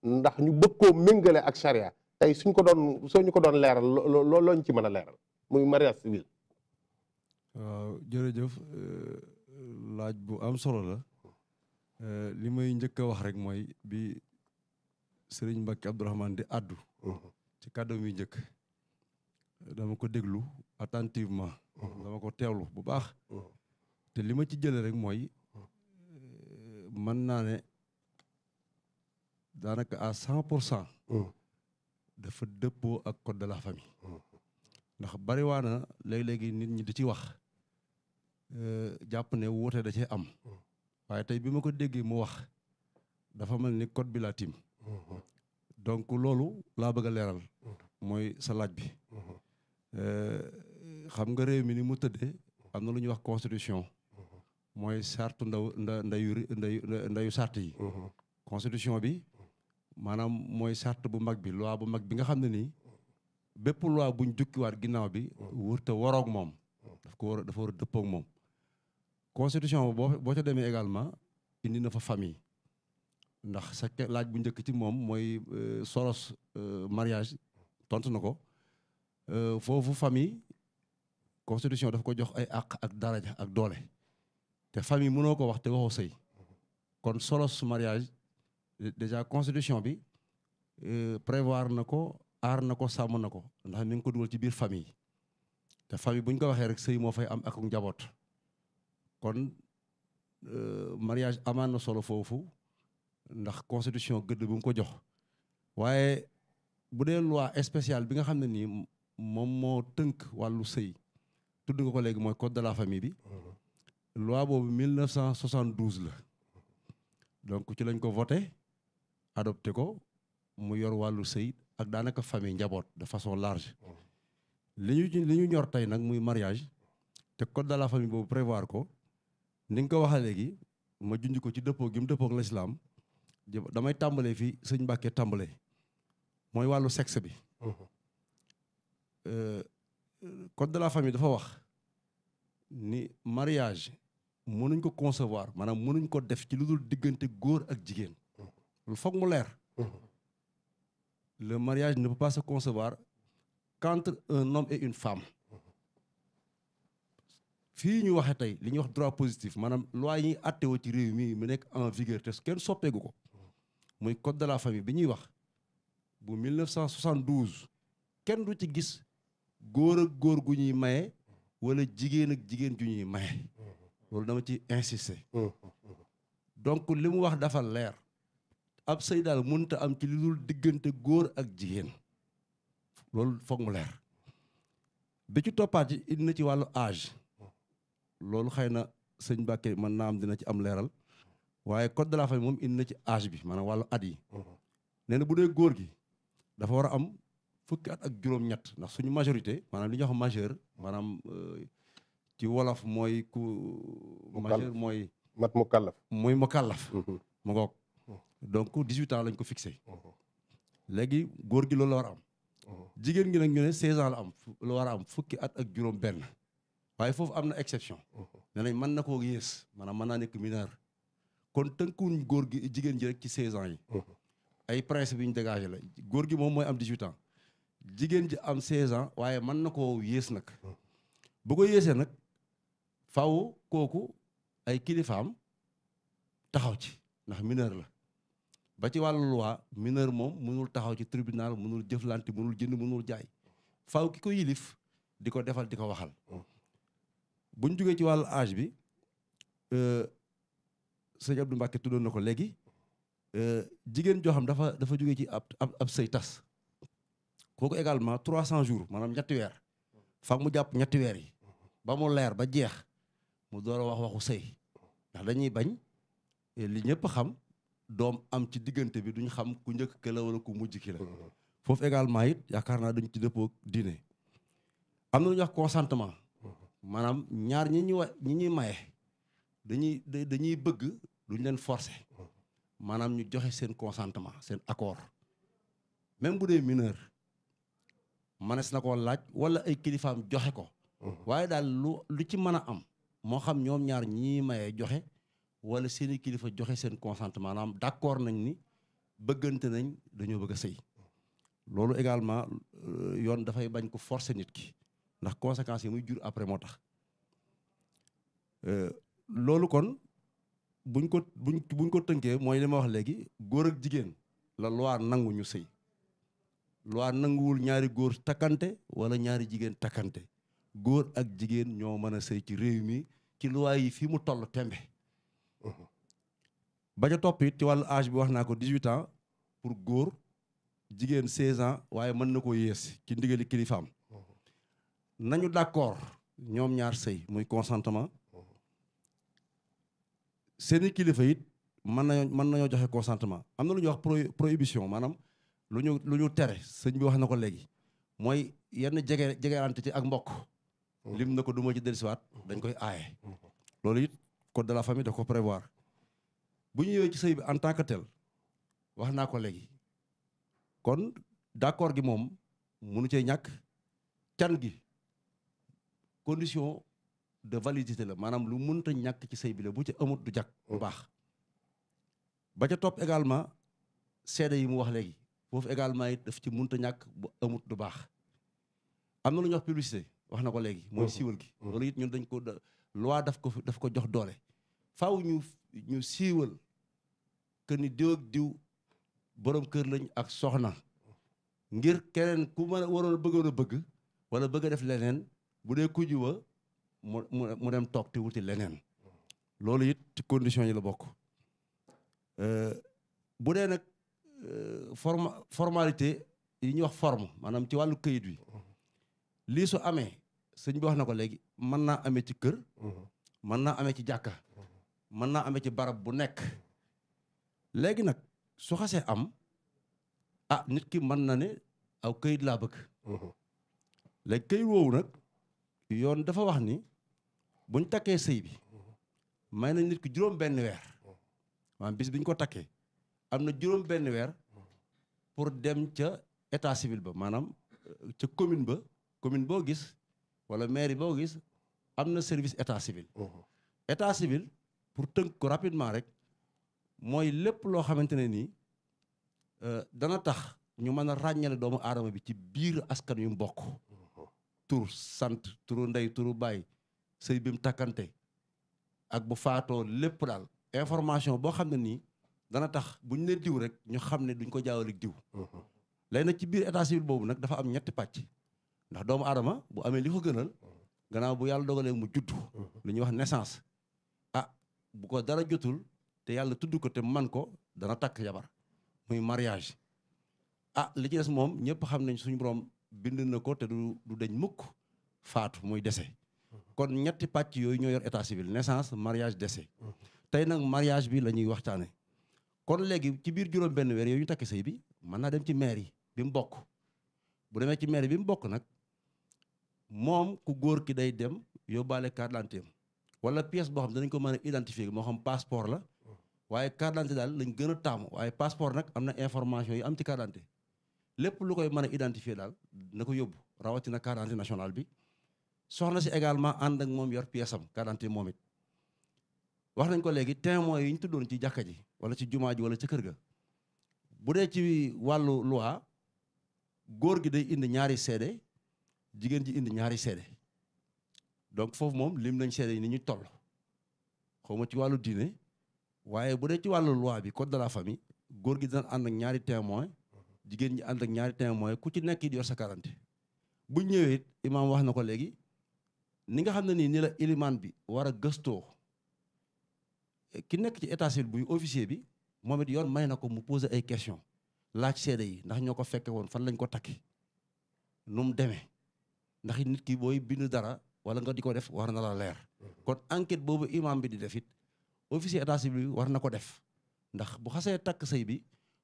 ndax ñu bëgg koo méngale ak charia tey suñ ko doon soo ñu ko doon leeral loo looñ ci mën a leeral muy mariage civil waaw jërëjëf euh, laaj bu am solo la euh, li may njëkk a wax rek mooy bi sëriñ Mbacke Abdourahmane di addu mhm. ci kàddoom njëkk dama ko déglu attentivement mhm. dama ko teewlu bu baax mhm. te li ma ci jële rek mooy euh, mën naa ne daanaka à cent pour cent mm. dafa dëppoo ak code de la famille mm. ndax bari waa na léegi-léegi nit ñi di ci wax euh, jàpp ne wuute da cee am mm. waaye tey bi ma ko déggee mu wax dafa mel ni code bi laa tiim mm-hmm. donc loolu laa bëgg a leeral mm-hmm. mooy sa laaj bi mm-hmm. euh, xam nga réew mi ni mu tëddee am na lu ñuy wax constitution mooy sartu ndaw nda ndayu ndayu ndayu sart yi constitution bi maanaam mooy charte bu mag bi loi bu mag bi nga xam ne nii bépp loi buñ jukkiwaat ginnaaw bi wërta waroog moom daf ko war dafa war a dëppoog moom constitution boo boo ca demee également indi na fa famille ndax sa laaj bu njëkk ci moom mooy euh, solos euh, mariage tontu na ko euh, foofu famille constitution daf ko jox ay àq ak daraja ak doole te famille mënoo ko wax te waxoo sëy kon solos mariage déjà constitution bi euh, prévoir na ko aar na ko sàmm na ko ndax mi ko dugal ci biir famille te famille bu ñu ko waxee rek sëy moo fay am ak njaboot kon euh, mariage amaan na solo foofu ndax constitution gëdd bu mu ko jox waaye bu dee loi spéciale bi nga xam ne nii moom moo tënk wàllu sëy tudd nga ko léegi mooy code de la famille bi mm-hmm. loi boobu 1972 la donc ci lañ ko voté adopté ko mu yor wàllu sëy ak daanaka famille njaboot de façon large li ñu li ñu ñor tey nag muy mariage te code de la famille boobu prévoir ko ni nga ko waxee léegi ma junj ko ci dëppoo gi mu dëppoo ak damay tàmbalee fii sëñ Mbàkke tàmbalee mooy wàllu sexe bi. Euh, code de la famille dafa wax ni mariage mënuñ ko concevoir maanaam mënuñ ko def ci lu dul diggante góor ak jigéen. foog mu leer mm-hmm. le mariage ne peut pas se concevoir qu'entre un homme et une femme mm-hmm. fii ñu waxee tey li ñuy wax droit positif maanaam loi yi ñuy àttewoo ci réew mi mu nekk en vigueur te kenn soppeeku ko mm-hmm. muy code de la famille bi ñuy wax bu 1972 kenn du ci gis góor ak góor gu ñuy maye wala jigéen ak jigéen ju ñuy maye loolu dama ci insister donc li mu wax dafa leer ab sëy daal mënta am ci lu dul diggante góor ak jigéen loolu foog mu leer bi ci toppaat yi indi na ci wàllu âge loolu xëy na sëñ Mbàkke mën naa am dina ci am leeral waaye code de la moom indi na ci âge bi maanaam wàllu at yi nee na bu dee góor gi dafa war a am fukki at ak juróom-ñett ndax suñu majorité maanaam li ñax wax majeur maanaam euh, ci wolof mooy ku majeur mooy mat mhm. mu kàllaf mooy mu kàllaf donc 18 ans lañ ko fixé. Mhm. léegi góor gi loolu war am. Mhm. jigéen gi nag ñu ne 16 la am la war a am fukki at ak juróom-benn waaye foofu am na exception. Mhm. nee nañ mën na koo yées maanaam mën naa nekk mineur. kon tënkuwuñ góor gi jigéen ji rek ci 16 yi. ay principe yu ñu dégagé góor gi moom mooy am 18 jigéen ji am 16 ans waaye mën na koo yées nag. bu ko yéesee nag faw kooku ay kilifaam taxaw ci ndax mineur la. ba ci wàllu loi mineur moom mënul taxaw ci tribunal mënul jëflante mënul jënd mënul jaay faw ki ko yilif di ko defal di ko waxal hmm. buñ jógee ci wàllu âge bi euh, sëñ du Mbacke tuddoon na ko léegi euh, jigéen joo xam dafa dafa jógee ci ab ab sëy tas kooku également trois cent jours maanaam ñetti weer faag mu jàpp ñetti weer yi ba mu leer ba jeex mu door a wax waxu sëy ndax dañuy bañ li ñëpp xam doom am ci diggante bi duñ xam ku njëkk ke la wala ku mujj ki la foofu également it yaakaar naa dañ ci dëppoo diine am na lu ñuy wax consentement maanaam ñaar ñi ñuy ñi ñuy maye dañuy dañuy bëgg duñ leen forcer maanaam ñu joxe seen consentement seen accord même bu dee mineur manees na ko laaj wala ay kilifaam joxe ko mmh. waaye daal lu lu ci mën a am moo xam ñoom ñaar ñi maye joxe wala seeni i kilifa joxe seen consentement maanaam d'accord nañ ni bëggante nañ dañoo bëgg a sëy loolu également euh, yoon dafay bañ ko force nit ki ndax conséquence yi muy jur après moo tax euh, loolu kon buñ ko buñ buñ ko tënkee mooy li ma wax léegi góor ak jigéen la loi nangu ñu sëy loi nanguwul ñaari góor takkante wala ñaari jigéen takkante góor ak jigéen ñoo mën a sëy ci réew mi ci loi yi fi mu toll tembe ba ca topp it ci wàllu âge bi wax naa ko 18 ans pour góor jigéen 16 ans waaye mën na koo yées ci ndigali kilifaam nañu d'accord ñoom ñaar sëy muy consentement seeni kilifa it mën nañoo mën nañoo joxe consentement am na lu ñuy wax prohibition maanaam lu ñu lu ñu tere sëñ bi wax na ko léegi mooy yenn jege jegeerante ak mbokk mm-hmm. lim na ko duma ci dellusiwaat dañ koy aaye mm-hmm. loolu it code de la famille da ko prévoir bu ñu ñëwee ci sëy bi en tant que tel wax naa ko léegi kon d'accord gi moom mënu cee ñàkk can gi condition de validité la maanaam lu mënta ñàkk ci sëy bi la bu ci amut du jàkk bu baax ba ca topp également seede yi mu wax léegi foofu également it daf ci mënta ñàkk bu amut du baax am na lu ñuy wax publicité wax na ko léegi mooy mhm. siiwal gi mhm. loolu it ñun dañ ko loi daf ko daf ko jox doole faw ñu ñu siiwal que ni diw ak diw borom kër lañ ak soxna ngir keneen ku mën a waroon a bëggoon bëgg wala bëgg a def leneen bu dee kuju wa mu mu dem toog te wuti leneen loolu it ci condition yi la bokk euh, bu dee nag euh, forma yi ñuy wax forme maanaam ci wàllu këyit wi su amee sëñ bi wax na ko léegi mën naa amee ci kër mhm. mën naa amee ci jàkka mën naa ame ci barab bu nekk léegi nag su xasee am ah nit ki mën na ne aw këyit laa bëgg mhm. léegi këyit woowu nag yoon dafa wax ni buñ takkee sëy bi may nañ nit ki juróom benn weer maanaam bis biñ ko takkee am na juróom benn weer pour dem ca état civil ba maanaam euh, ca commune ba commune boo gis wala mairie boo gis am na service état civil mhm. état civil pour tënk ko rapidement rek mooy lépp loo xamante ne nii euh, dana tax ñu mën a ràññale doomu aadama bi ci biir askan yu mbokk tur sant turu ndey turu baay sëy bi mu takkante ak bu faatoo lépp daal information boo xam ne nii dana tax bu ñu ne diw rek ñu xam ne duñ ko jaawale diw léegi nag ci biir état boobu nag dafa am ñetti pàcc ndax doomu aadama bu amee li ko gënal gannaaw bu yàlla dogalee mu juddu li ñuy wax naissance bu ko dara jotul te yàlla tudd ko te man ko dana takk jabar muy mariage ah li moom ñëpp xam nañ suñu borom bind na ko te du du deñ mukk faatu muy décès kon ñetti pàcc yooyu ñoo yor état civil naissance mariage décès tey nag mariage bi la ñuy waxtaane kon léegi ci biir juróom benn weer yooyu ñu takk sëy bi mën naa dem ci maire yi bi mu bokk bu demee ci maire bi mu bokk nag moom ku góor ki day dem yóbbaale carte d'identité am wala pièce boo xam danañ ko mën a identifier moo xam passeport la waaye carte d'identité daal lañ gën a taamu waaye passeport nag am na information yi am ci carte d'identité lépp lu koy mën a identifier daal na ko yóbbu rawatina carte d'identité nationale bi soxna si également ànd ak moom yor pièce am carte moom it wax nañ ko léegi témoins yi ñu tuddoon ci jàkka ji wala ci jumaa ji wala ci kër ga bu dee ci wàllu loi góor gi day indi ñaari seede jigéen ji indi ñaari seede donc foofu moom lim nañ seede yi ni ñu toll xaw ma ci wàllu diine waaye bu dee ci wàllu loi bi code de la famille góor gi dina ànd ak ñaari témoin jigéen ñi ànd ak ñaari témoin ku ci nekk it yor sa quarante bu ñëwee imaam wax na ko léegi ni nga xam ne nii ni la ilimaan bi war a gëstoo ki nekk ci état civil buy officier bi moom it yor may na ko mu poser ay question laaj seede yi ndax ñoo ko fekke woon fan lañ ko takki nu mu demee ndax nit ki booy bind dara wala nga di ko def war na la leer kon enquête boobu imam bi di def it officier état civil bi war na ko def ndax bu xasee takk sëy bi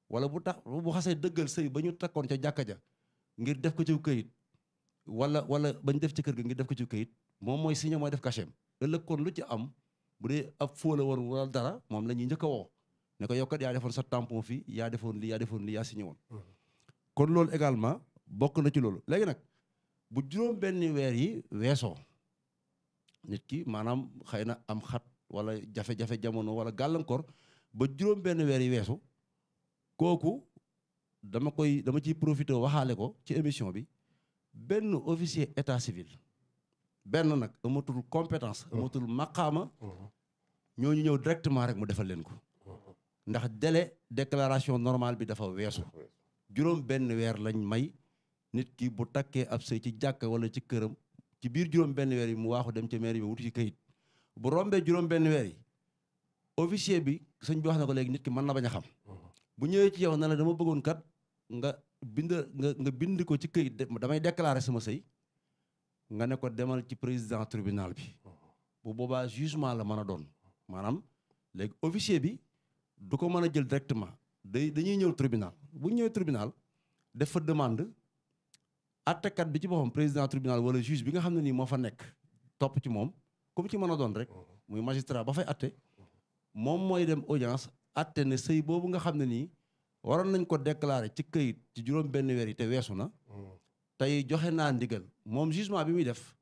wala bu tax bu xasee dëggal sëy ba ñu takkoon ca jàkka ja ngir def ko ci këyit wala wala bañ def ci kër ga ngir def ko ci këyit moom mooy signé mooy def cachet ëllëg kon lu ci am bu dee ab fóola woon wala dara moom la ñuy njëkk woo ne ko yokkat yaa defoon sa tempo fii yaa defoon li yaa defoon lii yaa signé woon mm-hmm. kon loolu également bokk na ci loolu léegi nag bu juróom benn weer yi weesoo nit ki maanaam xëy na am xat wala jafe-jafe jamono wala gàllankoor ba juróom benn weer yi weesu kooku dama koy dama ciy profité waxaale ko ci émission bi benn officier état civil benn nag amatul compétence amatul maqaama ñu ñëw directement rek mu defal leen ko ndax délai déclaration normale bi dafa weesu juróom benn weer lañ may nit ki bu takkee ab sëy ci jàkk wala ci këram ci biir juróom benn weer yi mu waaxu dem ca mairie bi wutu ci kayit bu rombee juróom benn weer yi officier bi sëñ bi wax na ko léegi nit ki mën na bañ a xam bu ñëwee ci yow na la dama bëggoon kat nga bind nga nga bind ko ci këyit damay déclarer sama sëy nga ne ko demal ci président tribunal bi bu boobaa jugement la mën a doon maanaam léegi officier bi du ko mën a jël directement day dañuy ñëw tribunal bu ñëwee tribunal def fa demande attekat bi ci boppam président tribunal wala juge bi nga xam ne nii moo fa nekk topp ci moom comme ci mën a doon rek muy magistrat ba fay ate moom mooy dem audience atte ne sëy boobu nga xam ne nii waroon nañ ko déclarer ci këyit ci juróom benn weer yi te weesu na tey joxe naa ndigal moom jugement bi muy def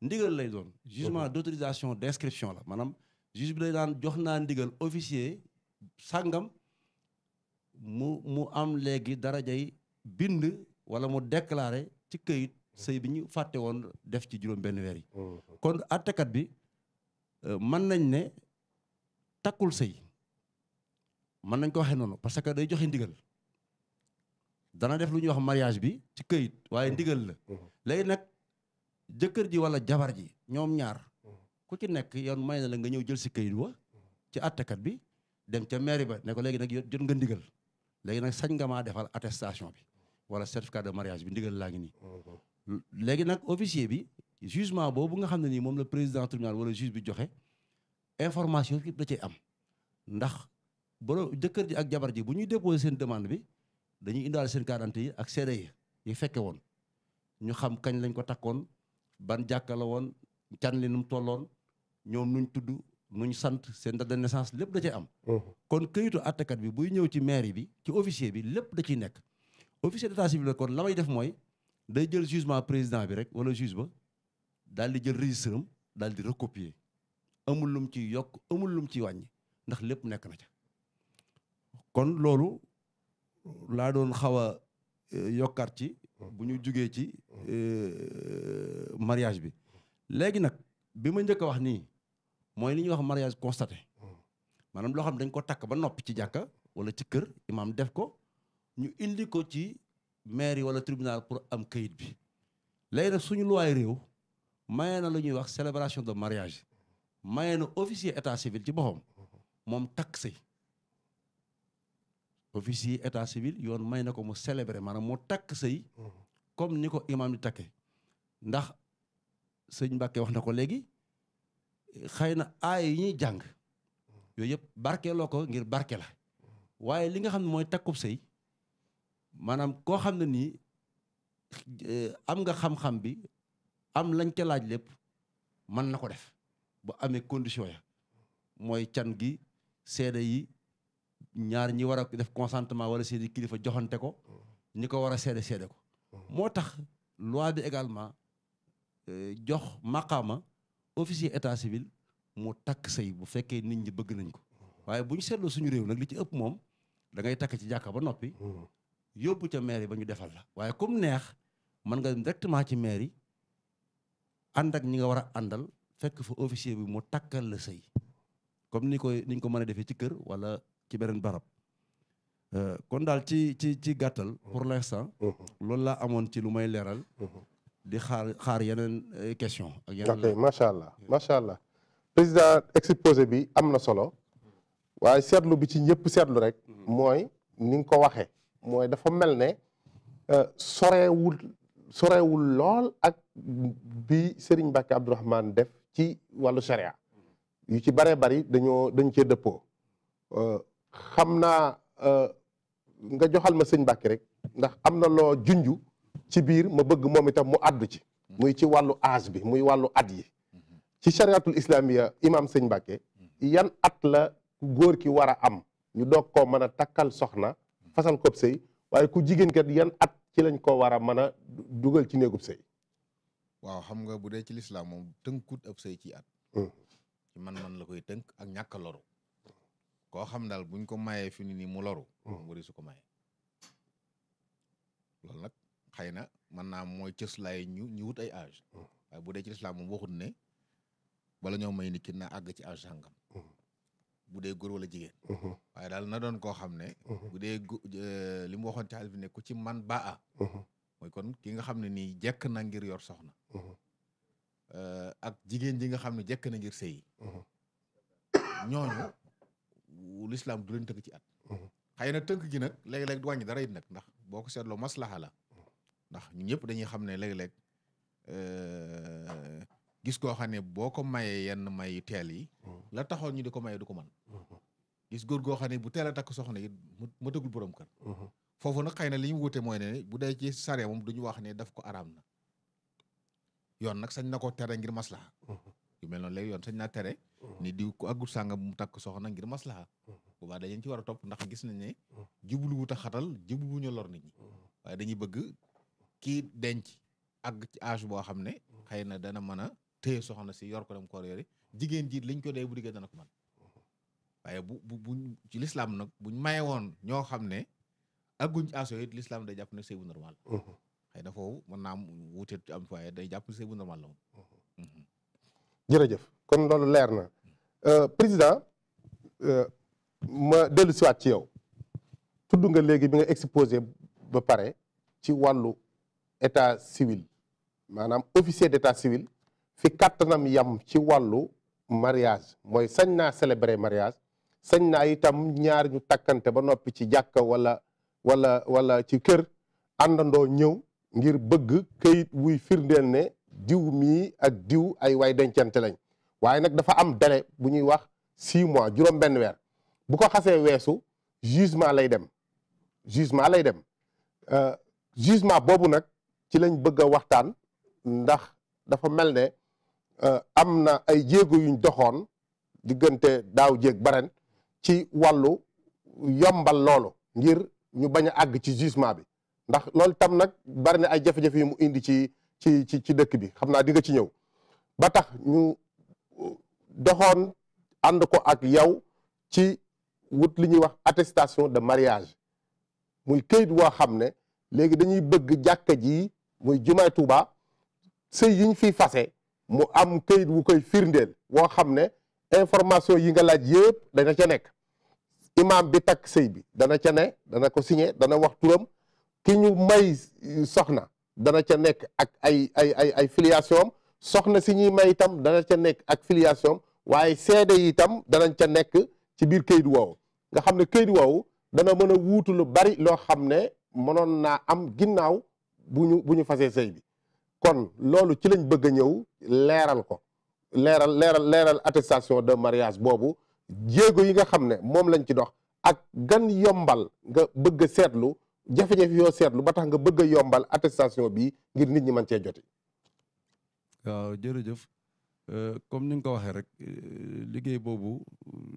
ndigal lay doon jugement d'autorisation d'inscription la maanaam juge bi lay daan jox naa ndigal officier sangam mu mu am léegi darajay bind wala mu déclarer ci këyit sëy bi ñu fàtte woon def ci juróom benn weer yi mm-hmm. kon àttekat bi euh, mën nañ ne takkul sëy mën nañ ko waxee noonu parce que day joxe ndigal dana def lu ñuy wax mariage bi ci këyit waaye mm-hmm. ndigal la mm-hmm. léegi nag jëkkër ji wala jabar ji ñoom ñaar ku ci nekk yoon may na la nga ñëw jël si këyit wa ci àttekat bi dem ca mairie ba ne ko léegi nag jot nga ndigal léegi nag sañ nga maa defal attestation bi wala certificat de mariage bi ndigal laa ngi nii. Mhm. léegi nag officier bi jugement boobu nga xam ne nii moom la président tribunal wala juge bi joxe information bi da cay am ndax borom jëkkër ji ak jabar ji bu ñuy déposé seen demande bi dañuy indaale seen carte d'identité yi ak seede yi ñu fekke woon ñu xam kañ lañ ko takkoon ban jàkka woon can li nu mu tolloon ñoom nuñ tudd nuñ sant seen date naissance lépp da cay am. Mhm. kon këyitu àttekat bi buy ñëw ci mairie bi ci officier bi lépp da ciy nekk. officier d'état civil ko la may def mooy day jël jugement président bi rek wala juge ba daal di jël registre am daal di recopier amul lum ci yokk amul lum ci wàññi ndax lépp nekk na ca kon loolu laa doon xaw a e, yokkaat ci bu ñu jugee ci e, mariage bi léegi nag be ma njëkk a wax nii mooy li ñuy wax mariage constaté hmm. maanaam loo xam dañ ko takk ba noppi ci jàkka wala ci kër imaam def ko ñu indi ko ci maire yi wala tribunal pour am kayit bi léegi nag suñu luwaay réew maye na lu ñuy wax célébration de mariage may na officier état civil ci boppam moom takk sëy officier état civil yoon may na ko mu célébrer maanaam mu takk sëy comme ni ko imaam di takke ndax sëñ Mbàkke wax na ko léegi xëy na aay yi ñuy jàng yooyu yëpp barkeeloo ko ngir barke la waaye li nga xam ne mooy takkub sëy maanaam koo xam ne nii eh, am nga xam-xam bi am lañ ca laaj lépp mën na ko def bu amee condition ya mooy can gi seede yi ñaar ñi war a def consentement wala seeni kilifa joxante ko ñi ko war a seede seede ko moo tax loi bi également eh, jox a officier état civil mu takk sëy bu fekkee nit ñi bëgg nañ ko waaye bu ñu seetloo suñu réew nag li ci ëpp moom da ngay takk ci jàkka ba noppi yóbbu ca mairie ba ñu defal la waaye comme neex mën nga directement ci mairie ànd ak ñi nga war a àndal fekk fa officier bi mu takkal la sëy comme ni koy niñ ko mën a defee ci kër wala ci beneen barab euh, kon daal ci ci ci gàttal pour l'instant loolu laa amoon ci lu may leeral di xaar xaar yeneen euh, question ak yeneen ok macha allah macha allah président exposé bi am na solo waaye seetlu bi ci ñëpp seetlu rek hmm. mooy ni nga ko waxee mooy dafa mel ne euh, soreewul soreewul lool ak bi sëriñ Mbacke Abdourahmane def ci wàllu sharia yu ci baree bari dañoo dañ cee dëppoo euh, xam naa euh, nga joxal ma sëñ Mbacke rek ndax am na loo junju ci biir ma bëgg moom itam mu àddu ci muy ci wàllu aas bi muy wàllu at yi ci chariatul islamiya imam sëñ Mbacke yan at la góor ki war a am ñu doog koo mën a takkal soxna fasal ko sëy waaye ku jigéen kat yan at ci lañ ko war a mën a dugal ci néegub sëy waaw xam nga bu dee ci lislaam moom tënkut ab sëy ci at hmm. ci man-man la koy tënk ak ñàkk loru koo xam daal buñ ko mayee fi ni nii mu loru hmm. wari su ko mayee loolu nag xëy na mën naa mooy cëslaay ñu ñu wut hmm. bu dee ci lislaam moom waxut ne wala ñoo may ni ki na àgg ci âge bu dee góor wala jigéen mhm. waaye daal na doon koo xam ne mhm. bu dee li mu waxoon ci ne ku ci man ba mhm. mooy kon ki nga xam ne nii jekk na ngir yor soxna euh, ak jigéen ji nga xam ne jekk na ngir sëy ñooñu lislaam du leen tënk ci at xëy na tënk gi nag léeg-léeg du wàññi dara it nag ndax boo ko seetloo maslaha la ndax ñun ñëpp dañuy xam ne léeg-léeg euh, gis koo xam ne boo ko mayee yenn may teel yi hmm. la taxoon ñu di ko maye du ko mën hmm. gis góor goo xam ne bu teela takk soxna it mu tëgul boroom kër hmm. foofu nag xëy na li ñu wute mooy ne bu dee ci sare moom duñu wax ne daf ko araam na yoon nag sañ na ko tere ngir maslaha yu mel noonu léegi yoon sañ naa tere ni di ku àggul sàngam mu takk soxna ngir maslaha boobaa dañeen ci war a topp ndax gis nañ ne jublu wut a xatal jublu ñu lor nit ñi waaye dañuy bëgg ki denc àgg ci âge boo xam ne xëy na dana mën a téye si yor ko dem koor yori jigéen jiit ko dee bu diggee ko waaye bu bu bu ci lislaam nag buñ maye woon ñoo xam ne agguñ aso it lislaam jàpp ne sëy bu xëy na foofu mën naa wuute ci am waaye day jàpp ne bu normal la moom kon loolu leer na euh, président euh, ma dellu siwaat ci yow tudd nga léegi bi nga exposé ba pare ci wàllu état civil maanaam officier d' état civil fi kàttanam yam ci wàllu mariage mooy sañ naa célébrer mariage sañ naa itam ñaar takkante ba noppi ci jàkka wala wala walla ci kër àndandoo ñëw ngir bëgg këyit wuy firndeel ne diw mii ak diw ay way dencante lañ waaye nag dafa am délai bu ñuy wax six mois juróom benn weer bu ko xasee weesu jugement lay dem jugement lay dem euh, jugement boobu nag ci lañ bëgg a waxtaan ndax dafa mel ne Euh, am na ay jéego yuñ doxoon diggante daaw jéeg baren ci wàllu yombal loolu ngir ñu bañ a àgg ci jugement bi ndax loolu tam nag bari na ay jafe-jafe yu mu indi ci ci ci ci dëkk bi xam naa di nga ci ñëw ba tax ñu doxoon ànd ko ak yow ci wut li ñuy wax attestation de mariage muy këyit woo xam ne léegi dañuy bëgg jàkka ji muy jumaay Tuuba sëy yiñ fi fase mu am kayit wu koy firndeel woo xam ne information yi nga laaj yépp dana ca nekk imaam bi takk sëy bi dana ca ne dana ko signe dana wax turam ki ñu may soxna dana ca nekk ak ay ay ay ay filiation soxna si ñuy may itam dana ca nekk ak filiation waaye seede yi itam danañ ca nekk ci biir kayit woowu nga xam ne kayit woowu dana mën a wuutu lu bari loo xam ne mënoon naa am ginnaaw bu ñu bu ñu fasee sëy bi kon loolu ci lañ bëgg ñëw leeral ko leeral leeral leeral attestation de mariage boobu jéego yi nga xam ne moom lañ ci dox ak gan yombal nga bëgg seetlu jafe-jafe yoo seetlu ba tax nga bëgg yombal attestation bi ngir nit ñi mën cee joti waaw jërëjëf euh, comme ni nga ko waxee rek euh, liggéey boobu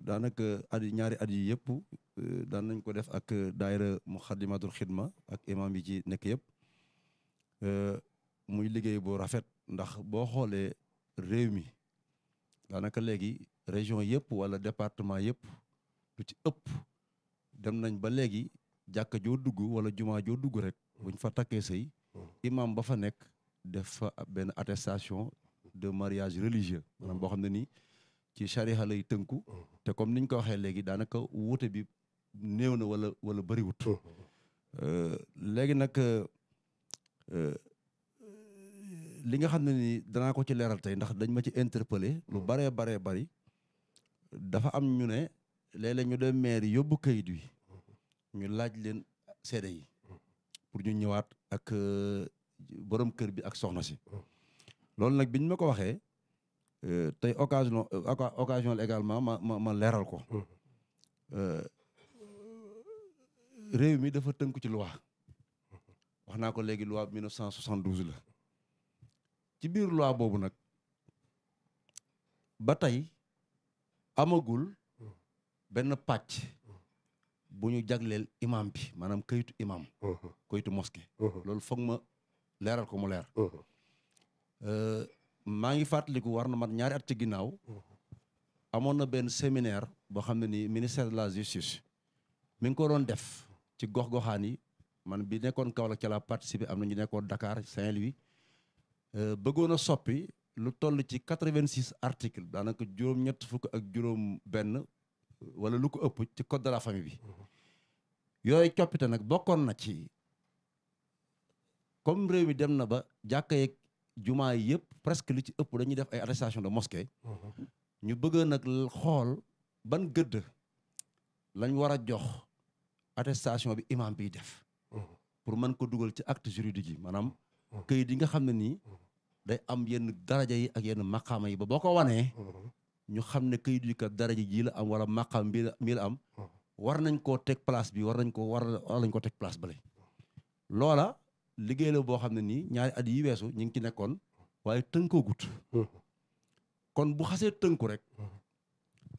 daanaka at ñaari at yi yëpp euh, daan nañ ko def ak daayira Muxaddamatul Xidma ak imam yi ci nekk yëpp muy liggéey bo rafet ndax boo xoolee réew mi daanaka léegi région yëpp wala département yëpp lu ci ëpp dem nañ ba léegi jàkka joo dugg wala jumaa joo dugg rek buñ fa takkee sëy imam ba fa nekk def fa benn attestation de mariage religieux maanaam boo xam ne ni ci shariha tënku te comme niñ ko waxee léegi daanaka wuute bi néew na wala wala bëriwut mmh. euh, léegi nag euh, li nga xam ne ni danaa ko ci leeral tey ndax dañ ma ci interpeller lu mm. baree baree bari dafa am ñu ne léeg-léeg ñu dem maire yóbbu kayit wi ñu laaj leen seede yi pour ñu ñëwaat ak euh, borom kër bi ak soxna si mm. loolu nag biñ ma ko waxee euh, tey occasion occasion également ma ma leeral ko mm. euh, réew mi dafa tënku ci loi wax naa ko léegi loi 1972 la ci biir loi boobu nag ba tey amagul benn pàcc bu ñu jagleel imam bi maanaam kayitu imam uh-huh. kayitu moski uh-huh. loolu foog ma leeral ko mu leer uh-huh. euh, maa ngi fàttaliku war na mat ñaari at ci ginnaaw amoon na benn séminaire boo xam ne ni ministère de la justice mi ngi ko doon def ci gox-goxaan yi man bi nekkoon Kaolack ca la participer am na ñu nekkoon dakaar Saint-Louis Euh, bëggoon a soppi lu toll ci quatre-vingt-six articles daanaka juróom-ñett fukk ak juróom-benn wala lu ko ëpp ci code de bi yooyu coppite nag bokkoon na ci comme réew mi dem na ba jàkka yeeg jumaa yi yëpp presque li ci ëpp dañuy def ay attestation de mosquée ñu bëgg nag xool ban gëdd lañ war a jox attestation bi imam bi def mmh. pour mën ko dugal ci acte juridique yi maanaam këyit yi nga xam ne nii day am yenn daraja yi ak yenn maqaama yi ba boo ko wanee ñu xam ne këyit yi kat daraja jii la am wala maqaam bi la mii la am war nañ koo teg place bi war nañ ko war nañ koo teg place bale loola liggéey la boo xam ne nii ñaari at yi weesu ñu ngi ci nekkoon waaye tënkoo gut kon bu xasee tënku rek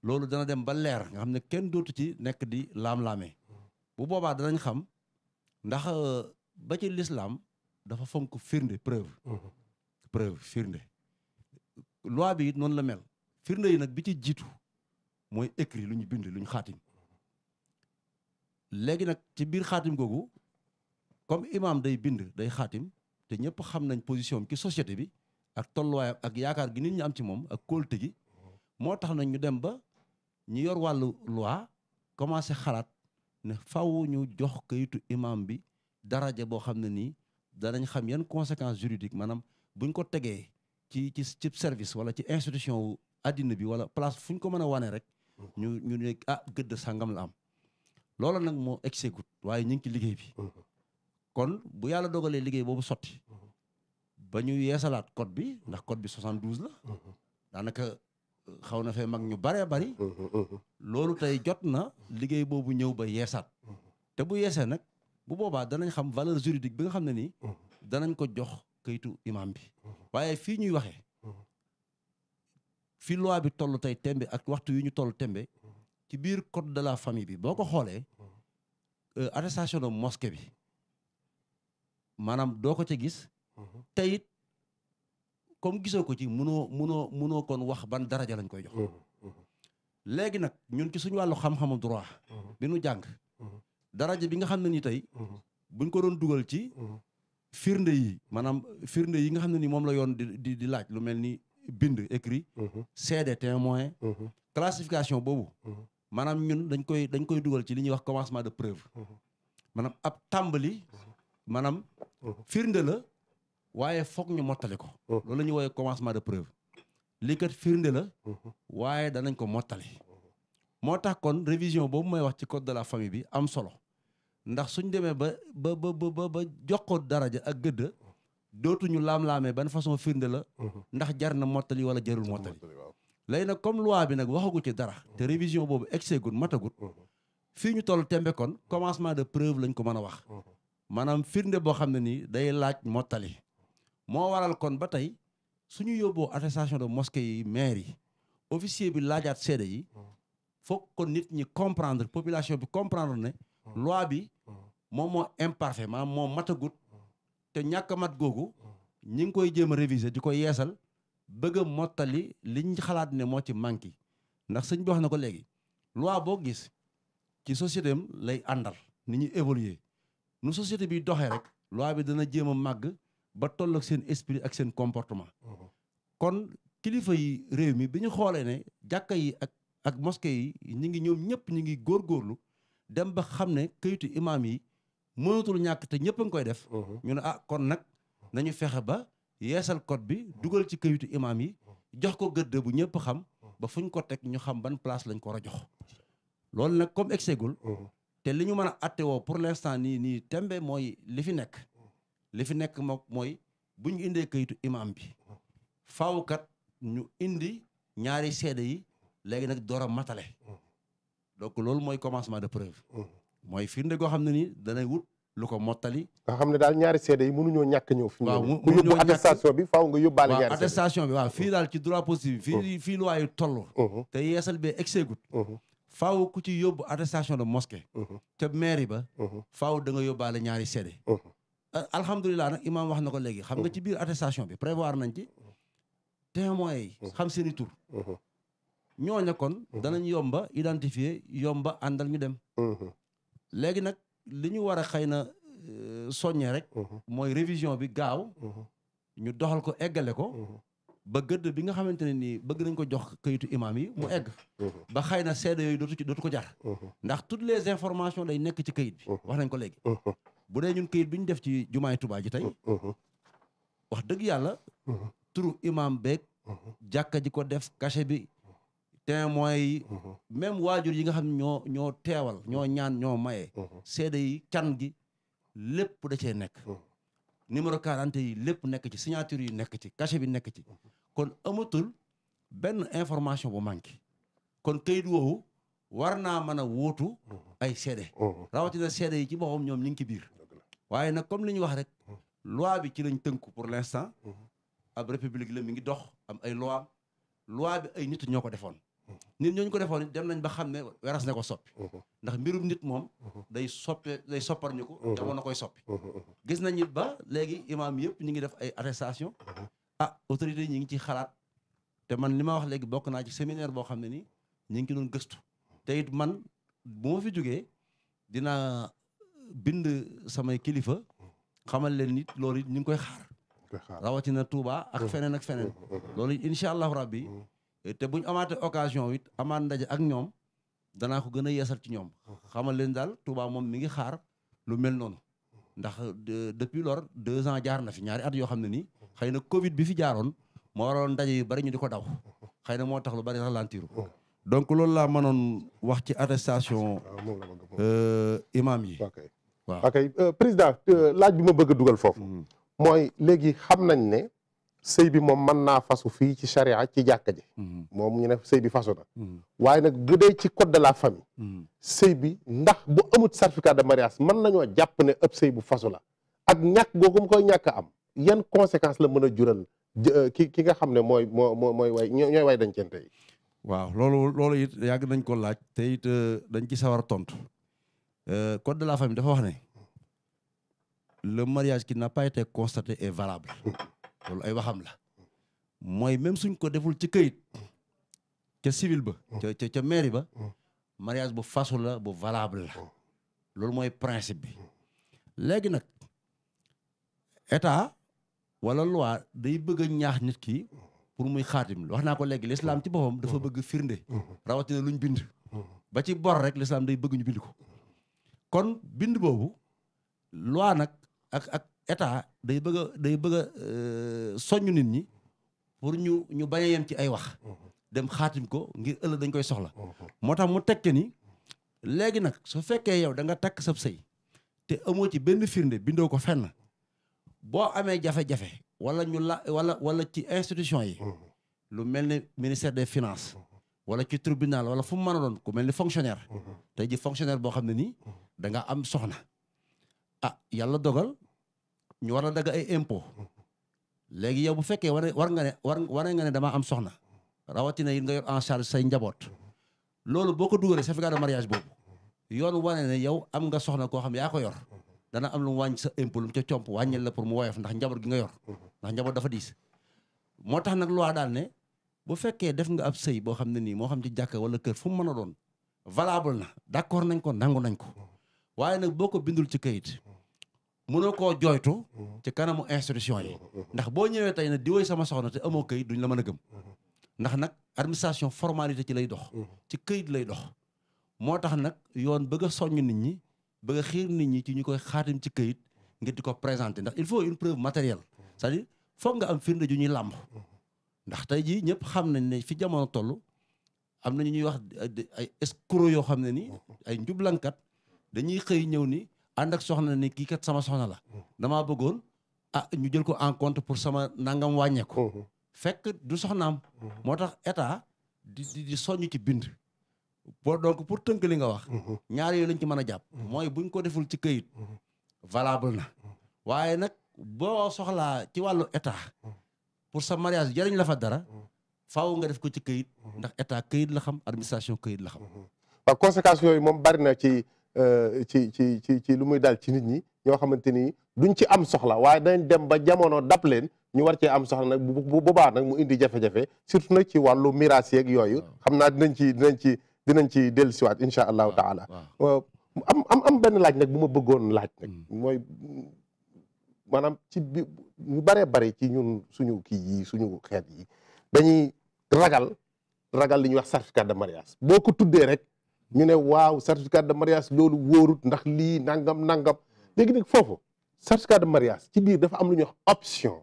loolu dana dem ba leer nga xam ne kenn dootu ci nekk di laam laame bu boobaa danañ xam ndax euh, ba ci lislaam dafa fonk firnde preuve. preuve firnde. loi bi it noonu la mel firnde yi nag bi ci jiitu mooy écrit lu ñu bind lu ñu xaatim léegi nag ci biir xaatim googu comme imaam day bind day xaatim te ñëpp xam nañ position ci société bi ak tolluwaay ak yaakaar gi nit ñu am ci moom ak kóolute gi moo tax nañ ñu dem ba ñu yor wàllu loi commencé xalaat ne faw ñu jox kayitu imaam bi daraja boo xam ne nii danañ xam yan conséquence juridique maanaam ñu ko tegee ci ci ci service wala ci institution wu addina bi wala place fu ñu ko mën a wane rek ñu ñu ne ah gëdd sàngam la am loola nag moo exécute waaye ñu ngi ci liggéey bi kon bu yàlla dogalee liggéey boobu sotti ba ñu yeesalaat code bi ndax code bi 72 la daanaka euh, xaw na fee mag ñu baree bari mmh, mmh, mmh. loolu tey jot na liggéey boobu ñëw ba yeesaat te bu yeesee nag bu boobaa danañ xam valeur juridique bi nga xam na ni mm-hmm. danañ ko jox kayitu imam bi mm-hmm. waaye fii ñuy waxe mm-hmm. fii loi bi toll tey tembe ak waxtu yu ñu toll tembe ci biir code de la famille bi boo ko xoolee euh, attestation de mosquée bi maanaam doo ko ca gis teyit comme gisoo ko ci munoo munoo munoo kon wax ban daraja lañ koy jox léegi nag ñun ci suñu wàllu xam-xamu droit bi nu jàng daraja bi nga xam ne ni tey mhm. buñ ko doon dugal ci mhm. firnde yi maanaam firnde yi nga xam ne ni moom la yoon di di laaj lu mel ni bind écrit seede mhm. témoin classification boobu maanaam ñun dañ koy dañ koy dugal ci li ñuy wax commencement de preuve maanaam ab tàmbali maanaam firnde la waaye foog ñu mottali ko loolu la ñuy woowee commencement de preuve lii kat firnde la waaye danañ ko mottali moo tax kon révision boobu mooy wax ci code de la famille bi am solo ndax suñu demee ba ba ba ba jox ko daraja ak gëdd dootuñu laam-laamee ban façon firnde la mhm. ndax jar na mottali wala jarul mottali léegi nag comme loi bi nag waxagu ci dara te révision boobu egseegul matagut mhm. fii ñu toll tembe kon commencement de preuve lañ ko mën a wax mhm. maanaam firnde boo xam ne nii day laaj mottali moo waral kon ba tey suñu yóbboo attestation de moske yi maire yi officier bi laajaat seede yi foog kon nit ñi comprendre population bi comprendre ne loi bi moom moo imparfait maanaam moo matagut te ñàkk mat googu ñi ngi koy jéem a réviser di ko yeesal bëgg mottali liñ xalaat ne moo ci manqué ndax sëñ bi wax na ko léegi loi boo gis ci société lay àndal ni ñu évoluer nu société bi doxee rek loi bi dana jéem a màgg ba toll ak seen esprit ak seen comportement kon kilifa yi réew mi bi ñu xoolee ne jàkka yi ak ak mosquée yi ñu ngi ñoom ñëpp ñu ngi góor góorlu dem ba xam ne kayitu imaam yi mënatul ñàkk te ñëpp a ngi koy def. Mhm. ñu ne ah kon nag nañu fexe ba yeesal code bi dugal ci kayitu imam yi jox ko gëdd bu ñëpp xam ba fu ñu ko teg ñu xam ban place lañ ko war a jox. loolu nag comme exégul mhm. te li ñu mën a attewoo pour l'instant nii nii tembe mooy li fi nekk. li fi nekk mook mooy bu ñu indee kayitu imaam bi faaw ñu indi ñaari seede yi. léegi nag door a matale mm. donc loolu mooy commencement de preuve mm. mooy firnde goo xam ne ni danay wut lu ko mottali nga xam ne daal ñaari seede yi mënuñoo ñàkk ñëw fi waaw ku yóbbu attestation bi faaw nga yóbbaale ñaari bi fii mm. daal ci droit positif fii fii luwaayu toll mm-hmm. te yeesal bee exegut mm-hmm. faaw ku ci yóbbu attestation de mosquée mm-hmm. ca mairie ba faaw da nga yóbbaale ñaari seede euh, alhamdulilah nag imaam wax na ko léegi xam nga ci biir attestation bi prévoir nañ ci témoins yi xam seen i ñooña kon mhm. danañ yomba identifier yomba àndal ñu dem mhm. léegi nag li ñu war a xëy na euh, soññe rek mhm. mooy révision bi gaaw ñu doxal ko eggale ko ba gëdd bi nga xamante ne nii bëgg nañ ko jox kayitu imaam yi mu egg ba xëy na seede yooyu dootu ci ko jar ndax toutes les information day nekk ci kayit bi wax nañ ko léegi bu dee ñun kayit bi ñu def ci jumaay tubaay ji tey wax dëgg yàlla turu imaam beeg jàkka ji ko def cachet bi témoins yi mhm. même waajur yi nga xam ne ñoo ñoo teewal ñoo ñaan ñoo maye mhm. seede yi can gi lépp da cee nekk mhm. numéro quarante yi lépp nekk ci signature yi nekk ci cachet bi nekk ci kon amatul benn information bu manqué kon kayit woowu war naa mën a wóotu ay seede rawatina seede yi ci boppam ñoom ñu ngi ci biir waaye nag comme li ñu wax rek loi bi ci lañ tënku pour l'instant ab république la mi ngi dox am ay loi loi bi ay nit ñoo ko defoon nit ñooñu ko defoon dem nañ ba xam ne weras ne ko soppi ndax mbirum nit moom day soppe day soppar ñu ko na koy soppi gis nañ it ba léegi imaam yëpp ñu ngi def ay arrestation ah autorité ñi ngi ci xalaat te man li ma wax léegi bokk naa ci séminaire boo xam ne ni ñu ngi ki doon gëstu te it man bu fi jógee dina bind samay kilifa xamal leen nit loolu it ñu ngi koy xaar rawatina Touba ak feneen ak feneen loolu incha allahu rabbi te bu ñu amaatee occasion it amaat ndaje ak ñoom danaa ko gën a yeesal ci ñoom. xamal leen daal Touba moom mi ngi xaar lu mel noonu. ndax depuis lors deux ans jaar na fi ñaari at yoo xam ne ni xëy na Covid bi fi jaaroon moo waroon ndaje yu bari ñu di ko daw. xëy na moo tax lu bari na ralentir. donc loolu laa mënoon wax ci attestation. Ah, euh, imam yi. waaw euh, président euh, laaj bi ma bëgg a dugal foofu. Mm-hmm. mooy léegi xam nañ ne. sëy bi moom mën naa fasu fii ci charia ci jàkka ji mhm. moom ñu ne sëy bi fasu na mhm. waaye nag bu dee ci code de la famille mhm. sëy bi ndax bu amut certificat de mariage mën nañoo jàpp ne ëpp sëy bu fasu la ak ñàkk googu mu koy ñàkk am yan conséquence la mën a jural euh, ki ki nga xam ne mooy moo mooy way ñooy way dañ cente yi waaw loolu loolu it yàgg dañ ko laaj te euh, dañ ci sawar a tontu euh, code de la famille dafa wax ne le mariage ki n'a pas été constaté valable (laughs) loolu ay waxam la mooy même suñ ko deful ci kayit ca civil ba ca ca ba mariage bu fasu la bu valable la loolu mooy principe bi léegi nag état wala loi day bëgg a ñaax nit ki pour muy xaatim wax naa ko léegi l'islam ci boppam dafa bëgg firnde rawatina luñ bind ba ci bor rek l'islam day bëgg ñu bind ko kon bind boobu loi nag ak état day bëgg a day bëgg a euh, soññ nit ñi pour ñu ñu bañ yem ci ay wax dem xaatim ko ngir ëllëg dañ koy soxla moo tax mu teg tekke ni léegi nag soo fekkee yow danga takk sab sëy te amoo ci benn firnde bindoo ko fenn boo amee jafe-jafe wala ñu la wala wala ci institution yi lu mel ni ministère de finances wala ci tribunal wala fu mu mën a doon ku mel ni fonctionnaire tey ji fonctionnaire boo xam ne nii da nga am soxna ah yàlla dogal ñu war la dagg ay impôt léegi yow bu fekkee war war nga ne war wane nga ne damaa am soxna rawatina yi nga yor en charge say njaboot loolu boo ko dugalee certificat de mariage boobu yoon wane ne yow am nga soxna koo xam yaa ko yor dana am lu mu wàññi sa impôt lu mu la pour mu woyof ndax njaboot gi nga yor ndax njaboot dafa diis moo tax nag loi daal ne bu fekkee def nga am sëy boo xam ne nii moo xam ci jàkka wala kër fu mu mën a doon valable na d'accord nañ ko nangu nañ ko waaye nag boo ko bindul ci kayit mënoo koo jooytu mhm. ci kanamu institution yi mhm, mhm. ndax boo ñëwee tey ne di woy sama soxna te amoo kayit duñ la mën a gëm ndax nag administration formalité ci lay dox ci kayit lay dox moo tax nag yoon bëgg a soññ nit ñi bëgg a xiir nit ñi ci ñu koy xaatim ci kayit ngir di ko présenter ndax il faut une preuve matérielle c'est-à-dire foog nga am firnde ju ñuy làmb ndax tey jii ñëpp xam nañ ne fi jamono toll am na ñu ñuy wax ay escroc yoo xam ne ni ay njublankat dañuy xëy ñëw ni ànd ak soxna ni kii kat sama soxna la damaa bëggoon ah ñu jël ko encontre pour sama nangam wàññeeku. Mm-hmm. fekk du soxnaam. Mm-hmm. moo tax état di di soññ ci bind. boo donc pour tënk li nga wax. Mm-hmm. ñaar yooyu lañ ci mën a jàpp. mooy buñ ko deful ci kayit valable na. waaye nag boo soxla ci wàllu état. pour sa mariage jëriñ la fa dara. faaw nga def ko ci kayit ndax état kayit la xam administration kayit la xam. waaw conséquences moom bari ci. Euh, ci ci ci ci lu muy daal ci nit ñi ñoo xamante ni duñ ci am soxla waaye dañ dem ba jamono dab leen ñu war cee am soxla nag bu boobaa nag mu indi jafe-jafe surtout nag ci wàllu miraas yeeg yooyu xam naa dinañ ci dinañ ci dinañ ci dellusiwaat incha allahu taala am am am benn laaj nag bu ma bëggoon laaj nag hmm. mooy maanaam ci bi ñu baree bari ci ñun suñu kii yi suñu xeet yi dañuy ragal ragal li ñuy wax certificat de mariage boo ko tuddee rek ñu ne waaw certificat de mariage loolu wóorut ndax lii nangam nangam léegi nag foofu certificat de mariage ci biir dafa am lu ñuy wax option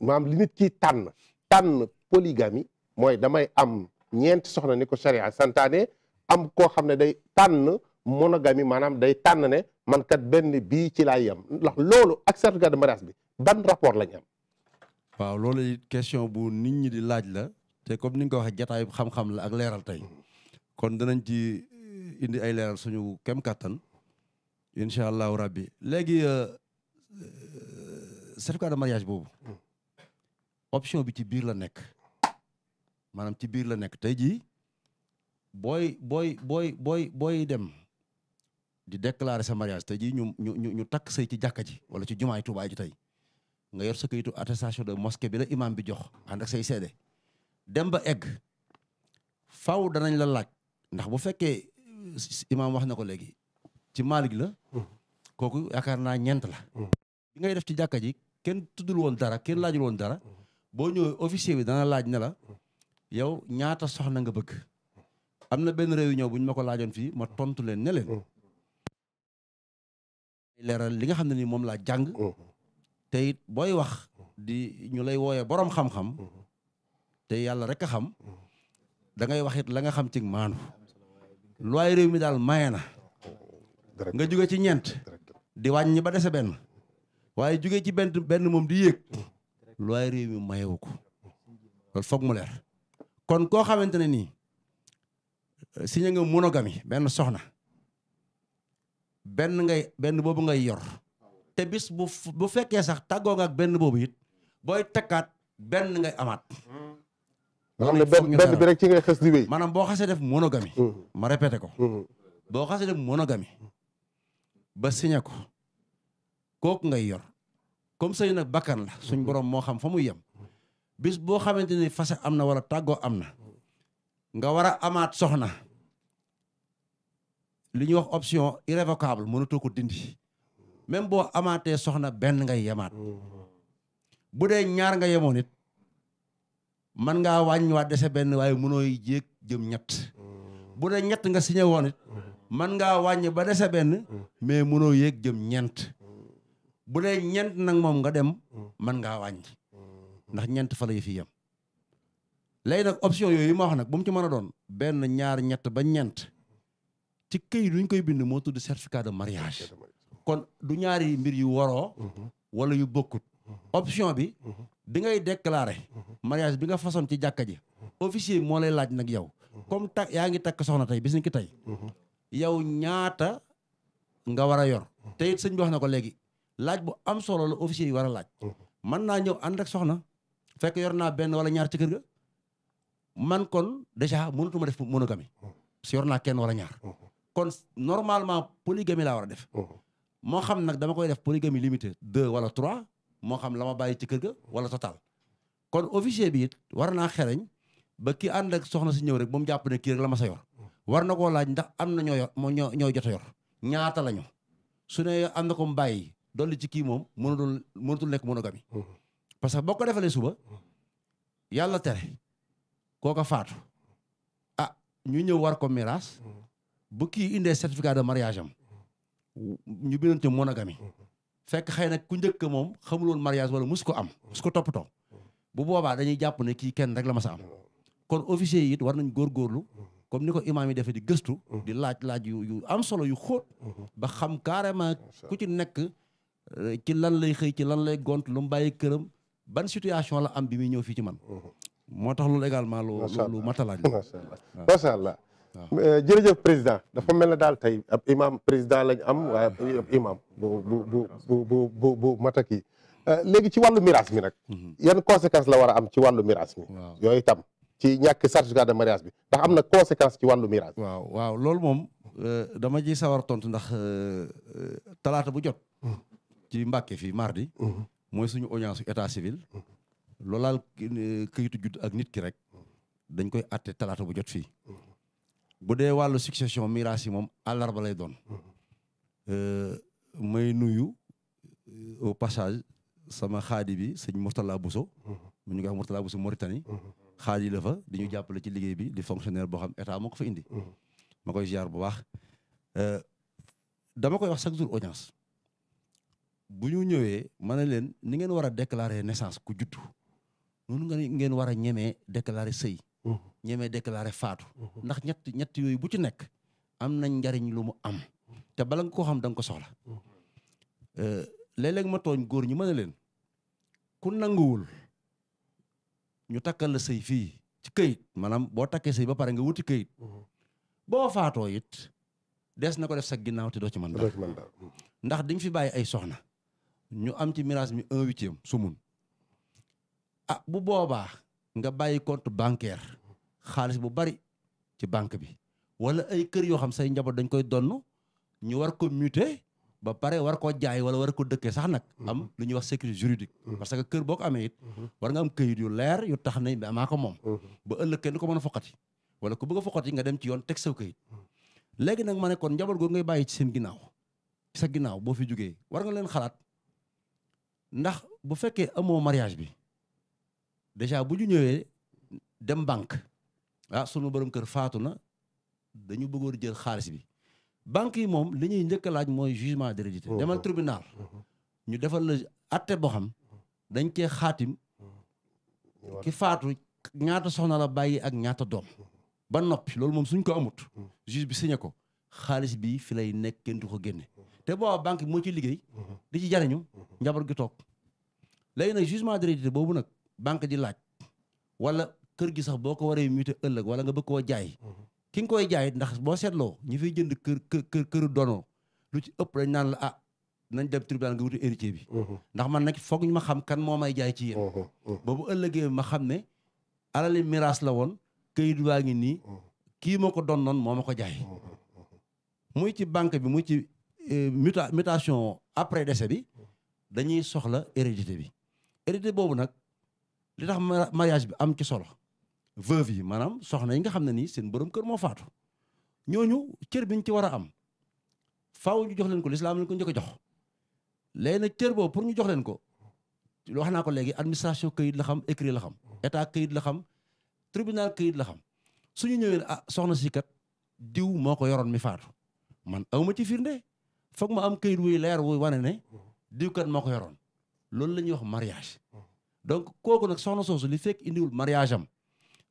maanaam li nit ki tànn tànn polygamie mooy damay am ñeenti soxna ni ko charia santaane am koo xam ne day tànn monogamie maanaam day tànn ne man kat benn bii ci laay yam ndax loolu ak certificat de mariage bi ban rapport lañ am. waaw loolu question bu nit ñi di laaj la te comme ni ko waxee jataayu xam-xam la ak leeral tey. kon danañ ci eh, indi ay leeral suñu kem kàttan incha allahu rabbi léegi euh, euh, certificat de mariage boobu option bi ci biir la nekk maanaam ci biir la nekk tey jii booy booy booy booy booy dem di déclarer sa mariage tey jii ñu ñu ñu ñu takk sëy ci jàkka ji wala ci jumaay ji tey nga yor sa kayitu attestation de mosquée bi la imam bi jox ànd ak say seede dem ba egg faw danañ la laaj ndax bu fekkee euh, imaam wax na ko léegi ci Maalik la hmm. kooku yaakaar naa ñeent la hmm. bi ngay def ci jàkka ji kenn tuddul woon dara kenn laajul woon dara hmm. boo ñëwee officier bi dana laaj ne la yow ñaata soxna nga bëgg am na benn réunion bu ñu ma ko laajoon fii ma tontu leen ne leen leeral li nga xam ne nii moom laa jàng te it booy wax di ñu lay wooyee boroom xam-xam te yàlla rek a xam dangay ngay wax it la nga xam ci maanu looy réew mi daal maye na nga jóge ci ñeent di wàññi ba dese benn waaye jóge ci benn benn moom di yéeg looy réew mi mayewu ko loolu foog mu kon koo xamante ne nii euh, signé nga monogamie benn soxna benn ngay benn boobu ngay yor te bis bu fekkee sax tàggoo nga benn boobu it booy takkaat benn nga amaat hmm. maanaam benn benn bi rek ci ngay xës di wéy. maanaam boo xasee def monogamie. Mm-hmm. ma répété ko. Mm-hmm. boo xasee def monogamie. ba signé ko kooku ngay yor comme sëy nag bakkan la suñ mm-hmm. borom moo xam fa muy yem bis boo xamante ni fase am na wala tàggoo am na nga war a amaat soxna li ñuy wax option irrévocable mënatoo ko dindi même boo amaatee soxna benn ngay yemaat bu dee ñaar nga yemoon it man ngaa waa dese benn waaye mënooy jéeg jëm ñett mm. bu dee ñett nga signé woon man mm-hmm. ngaa wàññi ba dese benn mm. mais mënoo yéeg jëm ñeent mm. bu dee ñeent nag moom nga dem man ngaa wàññi mm-hmm. ndax ñeent fa yu yi fi yem léegi nag option yooyu ma wax nag bu mu ci mën a doon benn ñaar ñett ba ñeent ci këyit duñ koy bind moo tudd certificat de mariage kon du ñaari mbir yu waroo mm-hmm. wala yu bokkut option bi bi ngay déclarer mariage bi nga façon ci jàkka ji officier moo lay laaj nag yow comme tak yaa ngi takk soxna tey bis ni ki tey yow ñaata nga war a yor te it sëñ bi wax na ko léegi laaj bu am solo la officier yi war a laaj man naa ñëw ànd ak soxna fekk yor naa benn wala ñaar ci ga man kon déjà mënatuma def monogamie si yor naa kenn wala ñaar kon normalement polygamie laa war a def moo xam nag dama koy def polygamie limitée deux wala moo xam la ma bàyyi ci kër ga wala total kon officier bi it war naa xereñ ba kii ànd ak soxna si ñëw rek ba mu jàpp ne kii rek la ma sa war na koo laaj ndax am na ñoo yor moo ñoo ñoo jot a ñaata lañu su ne am na ko mu bàyyi dolli ci kii moom mënatul mënatul nekk monogamie parce que boo ko defalee suba yàlla tere kooka faatu ah ñu ñëw war ko miraas bu kii indee certificat de mariage am ñu bindoon te monogamie fekk xëy nag ku njëkk moom xamuloon mariage wala mus ko am mus ko toppatoo bu boobaa dañuy jàpp ne kii kenn rek la ma sa am kon officier yi it war nañ góor góorgóorlu comme ni ko imaam yi defee di gëstu di laaj laaj yu yu am solo yu xóot ba xam carrément ku ci nekk euh, ci lan lay xëy ci lan lay gont lu mu bàyyi këram ban situation la am bi muy ñëw fii ci man moo tax loolu également lu lu matalaaj la macha Euh, jërëjëf président dafa mel ne daal tey ab imam président lañ am waaye ab imam bu bu bu bu bu mataki euh, léegi ci wàllu miraas mi nag mhm. yan conséquence la war am ci wàllu miraas mi yooyu itam ci ñàkk certificat de mariage bi ndax am na conséquence ci wàllu miraas waaw waaw loolu moom euh, dama ji sawar tontu ndax talaata bu jot mhm. ci Mbàkke fii mardi mhm. mooy suñu audience état civil loolaal këyitu judd ak nit ki rek dañ koy atte talaata bu jot fii bu dee wàllu succession miraas yi moom àllarba lay doon euh, may nuyu euh, au passage sama xaadi bi sëñ Mourtala Bousso mu ñu koy wax Mourtala Bousso Mauritanie xaadi la fa di ñu jàppale ci liggéey bi di fonctionnaire boo xam état moo ko fa indi ma koy ziar bu baax euh, dama koy wax chaque jour audience bu ñu ñëwee ma ne leen ni ngeen war a déclarer naissance ku juddu noonu nga ngeen war a ñemee déclarer sëy ñemee déclaré faatu. Mhm. ndax ñett ñett yooyu bu ci nekk am nañ njariñ lu mu am. te bala nga koo xam da nga ko soxla. Mhm. Euh, léeg-léeg ma tooñ góor ñi ma ne leen ku nanguwul ñu takkal la say fii ci kayit maanaam boo takkee sëy ba pare nga wuti kayit mhm. boo faatoo it des na ko def sa ginnaaw te doo ci mën dara ndax dañ fi bàyyi ay soxna ñu am ci miraas mi un huitième su mun ah bu boobaa nga bàyyi compte bancaire. xaalis bu bari ci banque bi wala ay kër yoo xam say njaboot dañ koy donn ñu war ko muter ba pare war koo jaay wala war ko dëkkee sax nag mhm. am lu ñu wax sécurité juridique mhm. parce que kër boo ko amee it mhm. war nga am këyit yu leer yu tax ne amaa ko moom ba ëllëg kenn du ko mën a foqati wala ko bëgg a foqati nga dem ci yoon teg sa këyit léegi nag ma ne njaboot googu ngay bàyyi ci seen sa ginnaaw boo fi jógee war nga leen xalaat ndax bu fekkee amoo mariage bi déjà bu ñu ñëwee dem banque ah sunu borom kër faatu na dañu bëggoon jël xaalis bi banque yi moom li ñuy njëkk a laaj mooy jugement d'hérédité oh, demal oh. tribunal mm-hmm. ñu defal la atte boo xam dañ cee xaatim mm-hmm. ki faatu ñaata soxna la bàyyi ak ñaata doom mm-hmm. ba noppi loolu moom suñ ko amut juge bi signé ko xaalis bi fi lay nekk kenn du ko génne te booba banque bi moo ci liggéey di ci jariñu njaboot gi toog léegi nag jugement d'hérédité boobu nag banque di laaj kër gi sax boo ko waree muté ëllëg wala nga bëgg koo jaay ki nga koy jaay ndax boo seetloo ñi fiy jënd kër kër këru dono lu ci ëpp dañ naan la ah nañ dem tribunal nga wuti héritier bi mhm. ndax man nag foog ma xam kan moo may jaay ci yéen mhm, mhm. boobu ëllëgee ma xam ne alali miraas la woon këyit waa ngi nii kii ma ko doon noonu moo ma ko jaay muy ci banque bi muy ci e, muta mutation après décès bi dañuy soxla hérédité bi hérédité boobu nag li tax mariage bi am ci solo veuve yi maanaam soxna yi nga xam ne nii seen borom kër moo faatu ñooñu cër biñ ci war a am faaw ñu jox leen ko lislaam leen ko njëkk a jox léegi nag cër pour ñu jox leen ko wax naa ko léegi administration kayit la xam écrit la xam état kayit la xam tribunal kayit la xam suñu ñëwee ah soxna si kat diw moo ko yoroon mi faatu man awma ci firnde foog ma am kayit wuy leer wuy wane ne diw moo ko yoroon loolu la ñuy wax mariage mm. donc kooku nag soxna soosu li fekk indiwul mariage am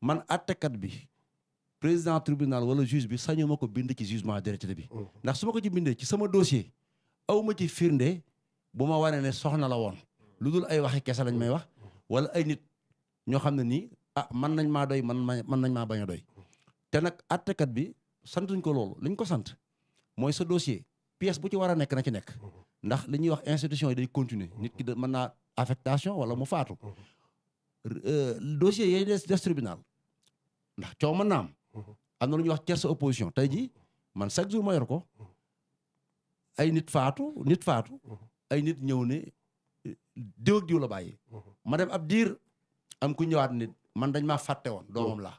man àttekat bi président tribunal wala juge bi sañu ma ko bind ci jugement dérété bi. Mm. ndax su ma ko ci bindee ci sama dossier awma ma ci firnde bu ma waree ne soxna la woon. lu dul ay waxi kese lañ may wax wala ay nit ñoo xam ne nii ah man nañ maa doy man ma mën nañ maa bañ a doy. te nag àttekat bi santuñ ko loolu liñ ko sant mooy sa dossier pièce bu ci war a nekk na ci nekk. ndax li ñuy wax institution yi day continuer nit ki da mën naa affectation wala mu faatu. Mm-hmm. Euh, dossier yooyu des des tribunal ndax coow mën naa am. Mhm. am na lu ñuy wax tierce opposition tey jii man chaque jour ma yor ko mhm. ay nit faatu nit faatu mhm. ay nit ñëw ne diw ak diw ma dem ab diir am ku ñëwaat nit man dañ maa fàtte woon doomam la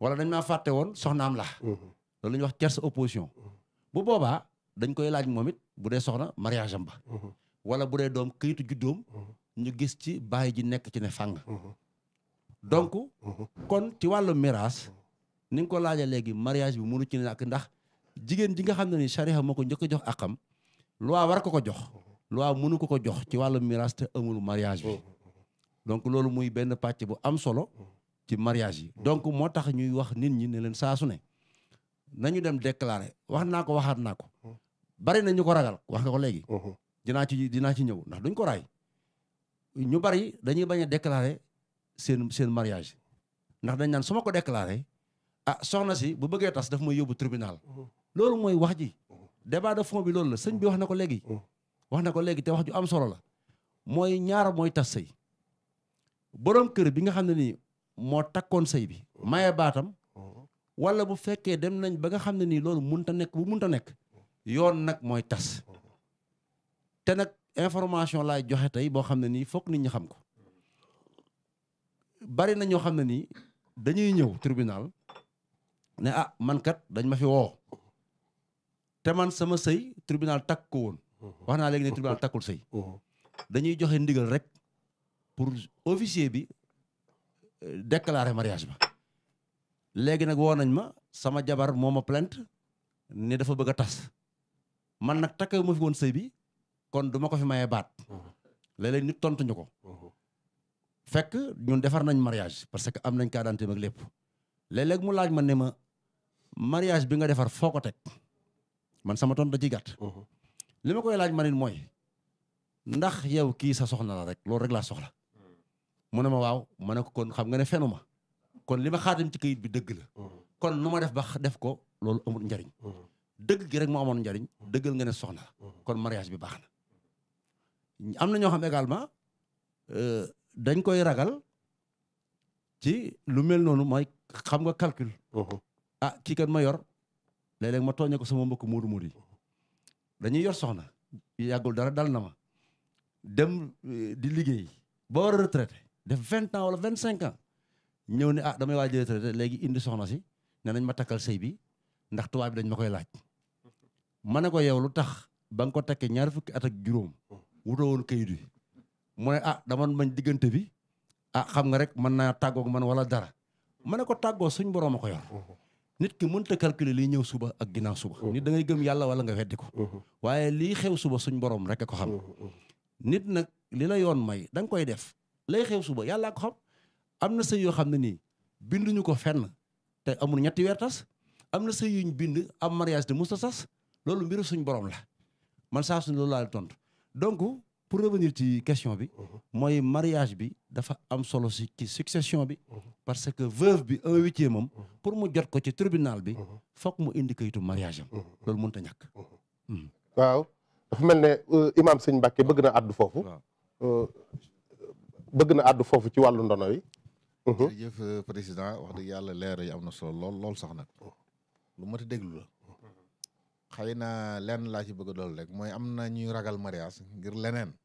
wala dañ maa fàtte woon soxnaam laa. loolu la ñuy wax tierce opposition. bu boobaa dañ koy laaj moom it bu dee soxna mariage amba ba. wala bu dee doom këyitu juddoom. ñu gis ci bàyyi ji nekk ci ne fàng. donc mhm. kon ci wàllu miraas ni ko laajee léegi mariage bi mënu ci nekk ndax jigéen ji nga xam na ni sariya moo ko njëkk jox akam loi war ko ko jox loi mënu ko ko jox ci wàllu miraas te amul mariage bi mhm. donc loolu muy benn pàcc bu am solo mhm. ci mariage yi donc moo tax ñuy wax nit ñi ne leen saasu su ne nañu dem déclarer wax naa ko waxaat naa ko bari na ñu ko ragal wax nga ko léegi dinaa ci dinaa ci ñëw ndax duñ ko ray ñu bari dañuy bañ a déclarer seen seen mariage ndax dañ naan su ma ko déclaré a ah, soxna si bu bëggee tas daf may yóbbu tribunal loolu mooy wax ji débat de fond bi loolu la sëñ bi wax na ko léegi wax na ko léegi te wax ju am solo la mooy ñaar mooy tas sëy boroom kër bi nga xam ne nii moo takkoon sëy bi maye baatam wala bu fekkee dem nañ ba nga xam ne nii loolu munta nekk bu munta nekk yoon nag mooy tas te nag information laay joxe tey boo xam ne nii foog nit ñi xam ko bari na ñoo xam ne nii dañuy ñëw tribunal ne ah man kat dañ ma fi woo te man sama sëy tribunal takk ko woon. wax naa léegi ne tribunal takkul sëy. dañuy joxe ndigal rek pour officier bi euh, déclarer mariage ba. léegi nag woo nañ ma sama jabar moo ma plainte ne dafa bëgg a tas man nag takk ma fi woon sëy bi kon duma ko fi mayee baat. léeg-léeg nit tontuñu ko. fekk ñun defar nañ mariage parce que am nañ carte d'identité ak lépp léeg mu laaj ma ne ma mariage bi nga defar foo ko teg man sama tontu da ciy gàtt. Mhm. li ma koy laaj ma nit mooy ndax yow kii sa soxna la rek loolu rek laa soxla. Mhm. mu ne ma waaw ma ne ko kon xam nga ne fenu kon li ma xaatim ci kayit bi dëgg la. Mhm. kon nu ma def ba def ko loolu amul njariñ. dëgg gi rek moo amoon njariñ dëggal nga ne soxna la. kon mariage bi baax na. am na ñoo xam également. Euh, dañ koy ragal ci lu mel noonu mooy xam nga calcul. Uh-huh. a ah, kii kan ma yor léeg-léeg ma tooñe ko sama mbokk moodu moodu yi dañuy yor soxna yàggul dara dal na ma dem eh, di liggéey ba war a retraité def vingt ans wala vingt cinq ñëw ne ah damay waaj a retraité léegi indi soxna si ne nañ ma takkal sëy bi ndax tubaab bi dañ ma koy laaj ma ne ko yow lu tax ba nga ko takkee ñaar fukki at ak juróom wutoo woon kayit yi mu ne ah dama mañ diggante bi a ah, xam nga rek mën naa tàggoog man wala dara ma ne ko tàggoo suñ borom a ko yor nit ki mënta calculer liy ñëw suba ak ginnaaw suba nit da ngay gëm yàlla wala nga weddi ko waaye lii xew suba suñ boroom rek a ko xam nit nag li la yoon may danga koy def lay xew suba yàllaa ko xam am na sëy yoo xam ne nii binduñu ko fenn te amul ñetti weer tas am na sëy yuñ bind am mariage de musta sas loolu mbiru suñ borom la man saa suñ loolu laal tontu pour revenir ci question bi mhm. mooy mariage bi dafa am solo si ci succession bi mhm. parce que veuve bi un huitième moom mhm. pour mu jot ko ci tribunal bi foog mu indi kayitu mariage am loolu mënut ta ñàkk hmm. waaw dafa mel ne euh, imaam sëñ Mbàkke bëgg na àddu foofu euh, bëgg na àddu foofu ci wàllu ndono yi jërëjëf euh, président wax dëgg yàlla leer yi am na solo lool lool sax nag lu mat a déglu la xëy na lenn laa ci bëgg dool rek mooy am na ñuy ragal mariage ngir leneen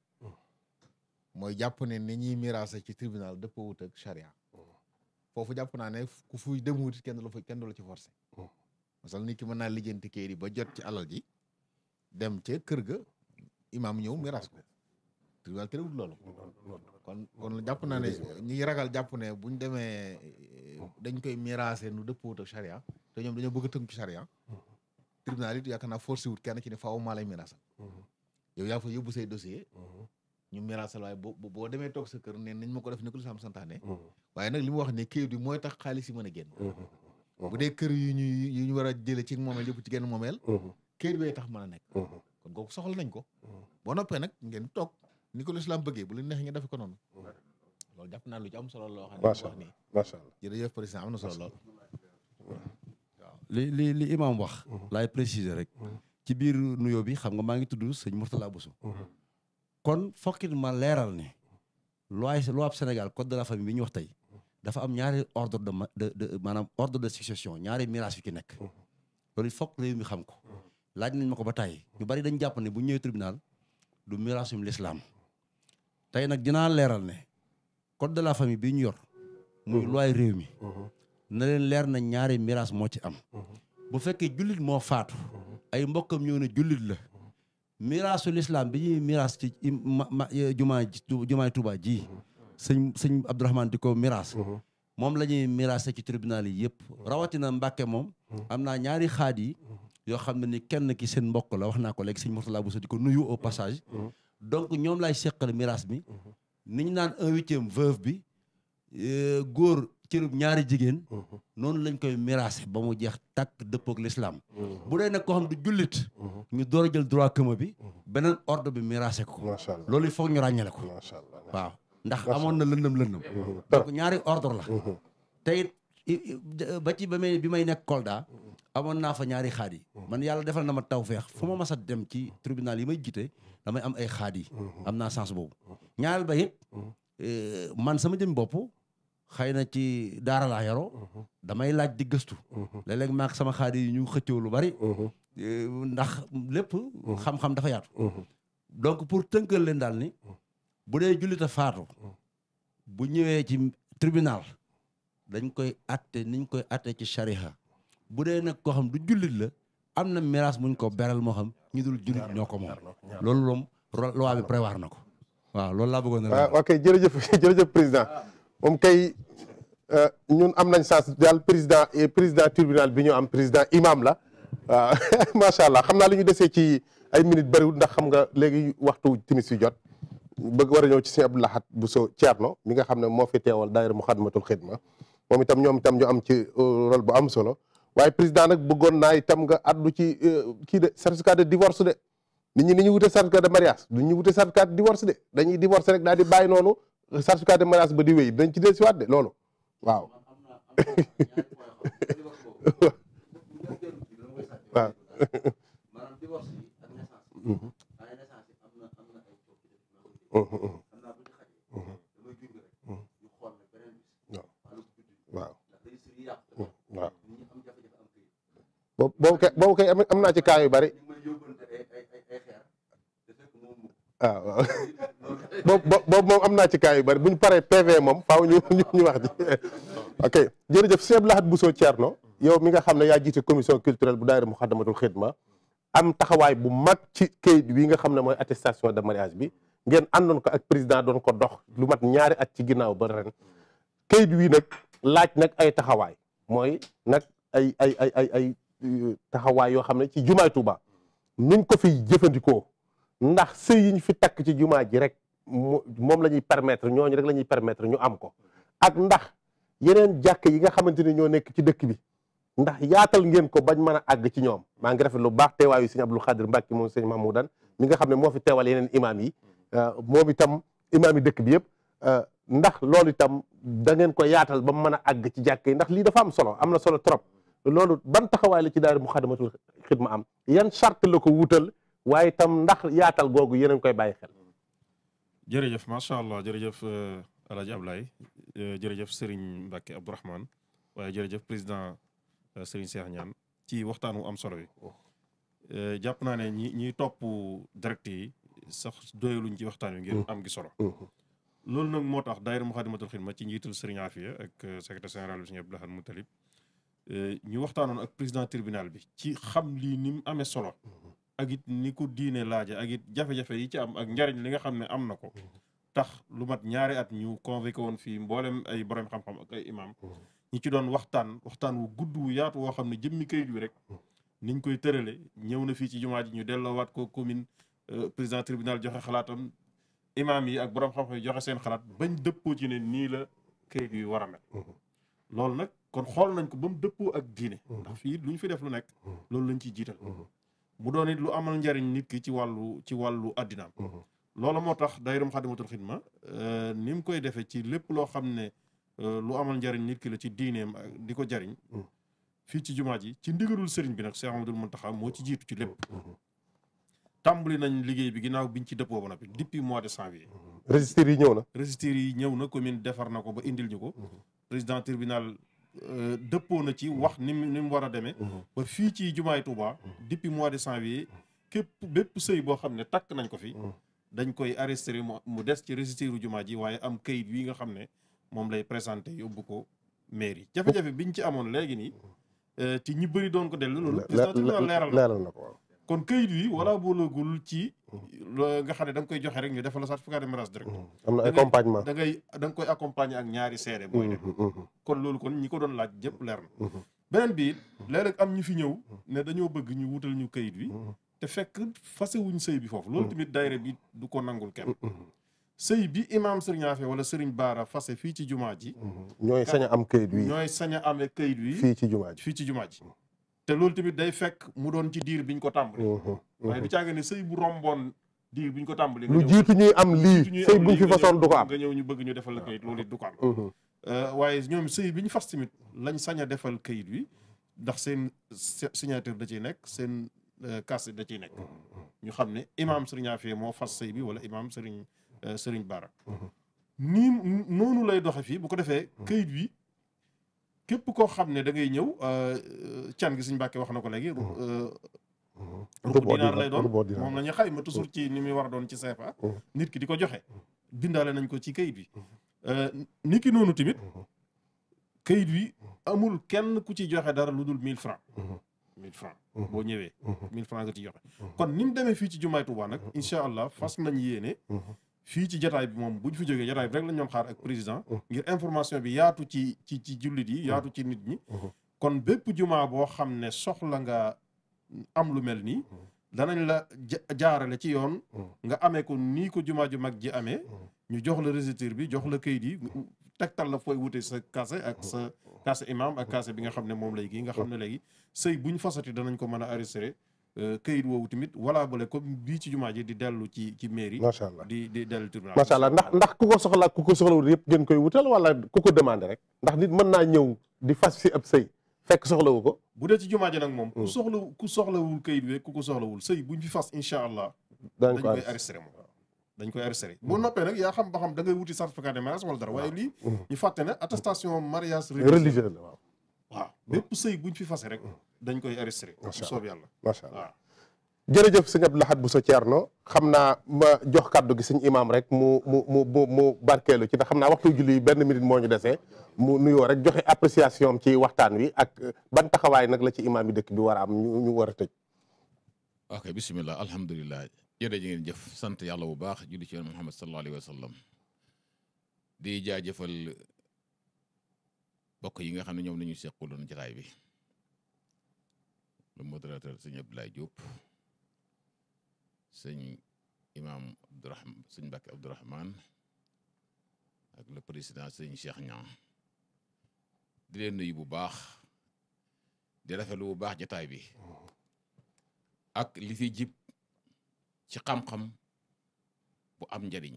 mooy jàpp ne ni ñuy miraase ci tribunal dëppoo wut ak foofu jàpp naa ne ku fuy dem wuti kenn du la kenn du ci forcé masal nit ki mën naa lijjanti kayit yi ba jot ci alal ji dem ca kër ga mam ñëw miraas ko tribunal terewut loolu kon kon jàpp naa ne ñu ngi ragal jàpp ne ñu demee dañ koy miraase nu dëppoo wut ak charia te ñoom dañoo bëgg a tënk ci charia tribunal it yaakaar naa wut kenn ci ne faaw maa lay yow yaa fa yóbbu say dossier ñu miraasal waaye boo boo demee toog sa kër ne nañ ma ko def ni ko lislaam santaane mm-hmm. waaye nag li mu wax ne kayit bi mooy tax xaalis yi mën a génn mm-hmm. Mm-hmm. bu dee kër yu ñu yu ñu war a jële ci moomeel yëpp ci genn moomeel kayit bee tax mën a nekk kon kooku soxla nañ ko boo noppee nag ngeen toog ni ko lislaam bëggee bu leen neexee ngeen defe ko noonu loolu jàpp naa lu ci solo loo xam ne wax nii macha allah jërëjëf président am na solo lool waaw li li li imam wax laay préciser rek ci biir nuyoo bi xam nga maa ngi tudd sëñ Mourtala Bousso kon fokkin ma leeral ni loi loi Sénégal code de la famille bi ñu wax tey dafa am ñaari ordre de de de maanaam ordre de succession ñaari miraas yu ci nekk loolu fokk réew mi xam ko laaj nañ ma ko ba tàyyi ñu bari dañ jàpp ne bu ñëwee tribunal du miraasum l'islam tey nag dinaa leeral ne code de la famille bi ñu yor muy loi réew mi na leen leer na ñaari miraas moo ci am bu fekkee jullit moo faatu ay mbokkam ñëw ne jullit la miraasul islam bi ñuy miraas ci jumaa eh, jumaay Tuuba ji sëñ sëñ Abdourahmane di ko miraas mm-hmm. moom la ñuy miraase ci tribunal yi yëpp rawatina mbake moom mm-hmm. am naa ñaari xaat yi mm-hmm. yoo xam ne ni kenn ki seen mbokk la wax naa ko léegi sëñ Mourtala Bousso di ko nuyu au passage donc ñoom laay seqal miraas bi ni ñu naan un huitième bi eh, góor cërub ñaari jigéen mhm. noonu lañ koy miraase ba mu jeex takk dëppook lislaam mhm. bu dee nag koo xam du jullit mhm. ñu door a jël droit commun bi beneen ordre bi miraase ko loolu il faut ñu ràññale ko waaw ndax amoon na lëndëm lëndëm donc ñaari ordre la tey ba ci ba may bi may nekk Kolda amoon naa fa ñaari xaad yi man yàlla defal na ma taw tawfeex foo ma mas a dem ci tribunal yi may jiite damay am ay xaad am naa sens boobu ñaareel ba it eh, man sama jëm bopp xëy na ci daara laa yaroo mhm. damay laaj di gëstu mhm. léeg-léeg maak sama xaadi yi ñu xëccoo lu bari mhm. eh, ndax lépp xam-xam dafa yaatu donc pour tënkal leen daal ni bu dee jullit a faatu bu ñëwee ci tribunal dañ koy ate niñ koy atte ci shariha bu dee nag koo xam du jullit la am na miraas muñ ko beral moo xam ñu dul jullit ñoo ko moom loolu moom loi bi prévoir na ko waaw loolu laa bëggoon na ah, ok jërëjëf (laughs) jërëjëf président ah. moom kay euh, ñun am nañ chance daal président eh, président tribunal bi ñu am président imam la waaw euh, (laughs) macha allah xam naa li ñu desee ci ay minutes bëriwul ndax xam nga léegi waxtu timis yu jot bëgg war a ñëw ci sëñ Abdou Lahad Bousso Thierno mi nga xam ne moo fi teewal daayira Muxaddamatul Xidma moom itam ñoom itam ñu am ci euh, rôle bu am solo waaye président nag bëggoon naa itam nga addu ci kii de certificat de divorce de nit ñu ni ñu wute certificat de mariage du ñu wute certificat de divorce de dañuy divorce rek daal di bàyyi noonu certificat de mariage ba di wéy dañ ci dellusiwaat de loolu waaw. waaw. waaw. waaw. boobu kay am naa ci cas yu bari. Ah, waaw boobu boobu moom am naa ci kaay yu bëri bu ñu paree PV moom faaw ñu ñu wax ji ok jërëjëf Sëñ Abdou Lahad Bousso Thierno yow mi nga xam ne yaa jiite commission culturelle bu daayira Muxaddamatul Xidma am taxawaay bu mag ci kayit wi nga xam ne mooy attestation de mariage bi ngeen àndoon ko ak président doon ko dox lu mat ñaari at ci ginnaaw ba ren kayit wi nag laaj nag ay taxawaay mooy nag ay ay ay ay taxawaay yoo xam ne ci jumaay Tuuba nuñ ko fi jëfandikoo ndax sëy yi ñu fi takk ci jumaa ji rek moom la ñuy permettre ñooñu rek la ñuy permettre ñu am ko ak ndax yeneen jàkk yi nga xamante ni ñoo nekk ci dëkk bi ndax yaatal ngeen ko bañ mën a àgg ci ñoom maa ngi rafet lu baax teewaayu sëñ Abdul Xaadir Mbàkke moom sëñ Mahmoudan mi nga xam ne moo fi teewal yeneen imaam yi euh, moom itam imaam yi dëkk bi yëpp euh, ndax loolu itam da ngeen ko yaatal ba mën a àgg ci jàkk yi ndax lii dafa am solo am na solo trop loolu ban taxawaay la ci daara Muxaddamatul Xidma am yan charte la ko wuutal waaye tam ndax yaatal googu yéen koy bàyyi xel. jërëjëf macha allah jërëjëf El euh, Hadj Ablaye euh, jërëjëf Serigne Mbacke Abdourahmane waaye jërëjëf président euh, Serigne Cheikh ñaan ci waxtaan wu am solo bi. Oh. jàpp naa ne ñi ñiy topp direct yi sax doyaluñ ci waxtaan wi. ngir mm. am gi solo. Mm. loolu nag moo tax daayira Muxaddamatul Xidma ci njiitul Serigne Afia ak secrétaire général bi Serigne Abdou Lahad Moutalib ñu waxtaanoon ak président tribunal bi ci xam lii ni mu amee solo. Mm-hmm. ak it ni ku diine laaje ak it jafe-jafe yi ci am ak njariñ li nga xam ne am na ko mm-hmm. tax lu mat ñaari at ñu convoqué woon fii mboolem ay borom xam-xam ak ay imam mm-hmm. ñi ci doon waxtaan waxtaan wu gudd wu yaatu woo xam ne jëmmi kayit wi rek mm-hmm. niñ koy tërale ñëw na fii ci jumaa ji ñu delloowaat ko commune euh, président tribunal joxe xalaatam imam yi ak borom xam-xam yi joxe seen xalaat bañ dëppoo ci ne nii la kayit wi war a mel loolu nag kon xool nañ ko ba mu dëppoo ak diine ndax fii lu ñu fi def lu nekk loolu lañ ciy jiital mu doon it lu amal njariñ nit ki ci wàllu ci wàllu àddinaam mhm. loolu moo tax daayiram xadimatul xidma euh, ni mu koy defee ci lépp loo xam ne euh, lu amal njariñ nit ki la ci diineem di ko jariñ mhm. fii ci jumaa ji ci ndigalul sëriñ bi nag Cheikh Amadou Mountakha moo ci jiitu ci lépp mhm. tàmbali nañ liggéey bi bi biñ ci dëppoo ba noppi depuis mois de janvier registres yi ñëw na registres yi ñëw na commune defar na ko ba indil ñu ko président tribunal Euh, dëppoo na ci wax ni mu ni war a demee. Mhm. ba fii ci jumaay Touba. Mhm. depuis mois de janvier képp bépp sëy boo xam ne takk nañ ko fi. Mhm. dañ koy arrêté mu des ci registre jumaa ji waaye am kayit wi nga xam ne moom lay présenté yóbbu ko mairie jafe-jafe ñu ci amoon léegi nii. Euh, ci ñi bëri doon ko dellu loolu. président leeral na ko kon këyit wi wala hmm. boolagul ci. Hmm. nga xam ne da koy joxe rek ñu defal la certificat de mariage direct. Hmm. am na accompagnement da ngay da nga koy accompagner ak ñaari seede. mooy kon loolu kon ñi ko doon laaj jëpp leer na. beneen bi it léeg am ñu fi ñëw ne dañoo bëgg ñu wutal ñu kayit wi. te fekk fasewuñ sëy bi foofu. loolu tamit daayira bi du ko nangul kenn. sëy bi imaam Serigne Afe wala Serigne Baara fase fii ci jumaa ji. ñooy sañ am kayit wi ñooy sañ a amee këyit wi. fii ci jumaa ji fii ci jumaa ji. te loolu tamit day fekk mu doon ci diir biñ ko tàmbali mhm, mhm. waaye du caagee ne sëy bu romboon diir biñ ko tàmbali lu jiitu ñuy am lii sëy buñ fi façon du ko am nga ñëw ñu bëgg ñu defal la du ko mhm, euh, waaye ñoom sëy bi ñu fas tamit lañ sañ a defal kayit wi ndax seen signature da ciy nekk seen kaas euh, da ciy nekk ñu xam ne imaam sëriñ Afee moo fas sëy bi wala imaam sëriñ sëriñ Baara noonu lay doxe fii bu ko defee këyit wi képp koo xam ne da ngay ñëw can euh, euh, gi suñ Mbàkke wax na ko léegi. Mm-hmm. Euh, rubu dinaar lay doon moom la ñu xayma toujours ci ni muy war doon ci CFA. Mm-hmm. nit ki di ko joxe. Mm-hmm. bindaale nañ ko ci kayit bi. nit ki noonu tamit kayit bi amul kenn ku ci joxe dara lu dul 1000 francs 1000 francs boo ñëwee. 1000 francs nga ci joxe. kon ni mu demee fii ci jumaay Tuubaa nag. incha allah fas nañ yéene. fii ci jataay bi moom buñ fi jógee jataay bi rek la ñoom xaar ak président mm-hmm. ngir information bi yaatu ci ci ci jullit yi mm-hmm. yaatu ci nit ñi mm-hmm. kon bépp jumaa boo xam ne soxla nga am lu mel nii danañ la jaarale ci yoon nga amee ko nii ko jumaa ju mag ji amee ñu jox la résiteur bi jox la kayit yi tegtal la fooy wute sa kase ak sa kase imam ak kase bi nga xam ne moom lay gi nga xam ne léegi sëy buñ fasati danañ ko mën a arrêter Euh, këyit woowu tamit valable comme bii ci juma ji di dellu ci ci mairie. macha allah di di dellu tribunal. macha allah ndax ndax ku ko soxla ku ko soxlawul yëpp ngeen koy wutal wala ku ko demandé rek ndax nit mën naa ñëw di fas si ab sëy fekk soxla soxlawu ko. bu dee ci jumaa ji nag moom. ku hmm. soxla ku soxlawul këyit bi ku ko soxlawul sëy buñ fi fas incha allah. dañ koy arrêté moom hmm. dañ koy arrêté bu noppee nag yaa xam ba xam da ngay wuti certificat de mariage wala dara waaye lii. Hmm. fàtte ne attestation mariage religieuse la waaw waaw bépp sëy buñ fi fase rek mm. dañ koy arrêté soob yàlla macha allah jërëjëf sëñ Abdou Lahad Bousso Thierno xam naa ma jox kaddu gi sëñ imaam rek mu mu mu mu mu barkeelu ci ndax xam naa waxtu julli benn minute moo ñu desee mu nuyoo rek joxe appréciation ci waxtaan wi ak euh, ban taxawaay nag la ci imaam yi dëkk bi war a am ñu ñu war a tëj ok bisimilah alhamdulilah jërëjë ngeen jëf sant yàlla bu baax julli ci Muhammad sallallahu alayhi wa sallam di jaajëfal bokk yi nga xam ne ñoom la ñu seqaloon jataay bi le modérateur sëñ Abdoulaye Diop sëñ imam Abdourahman sëñ Mbacke Abdourahman ak le président sëñ Cheikh Niang di leen nuyu bu baax di rafetlu bu baax jataay bi ak li fi jib ci xam-xam bu am njariñ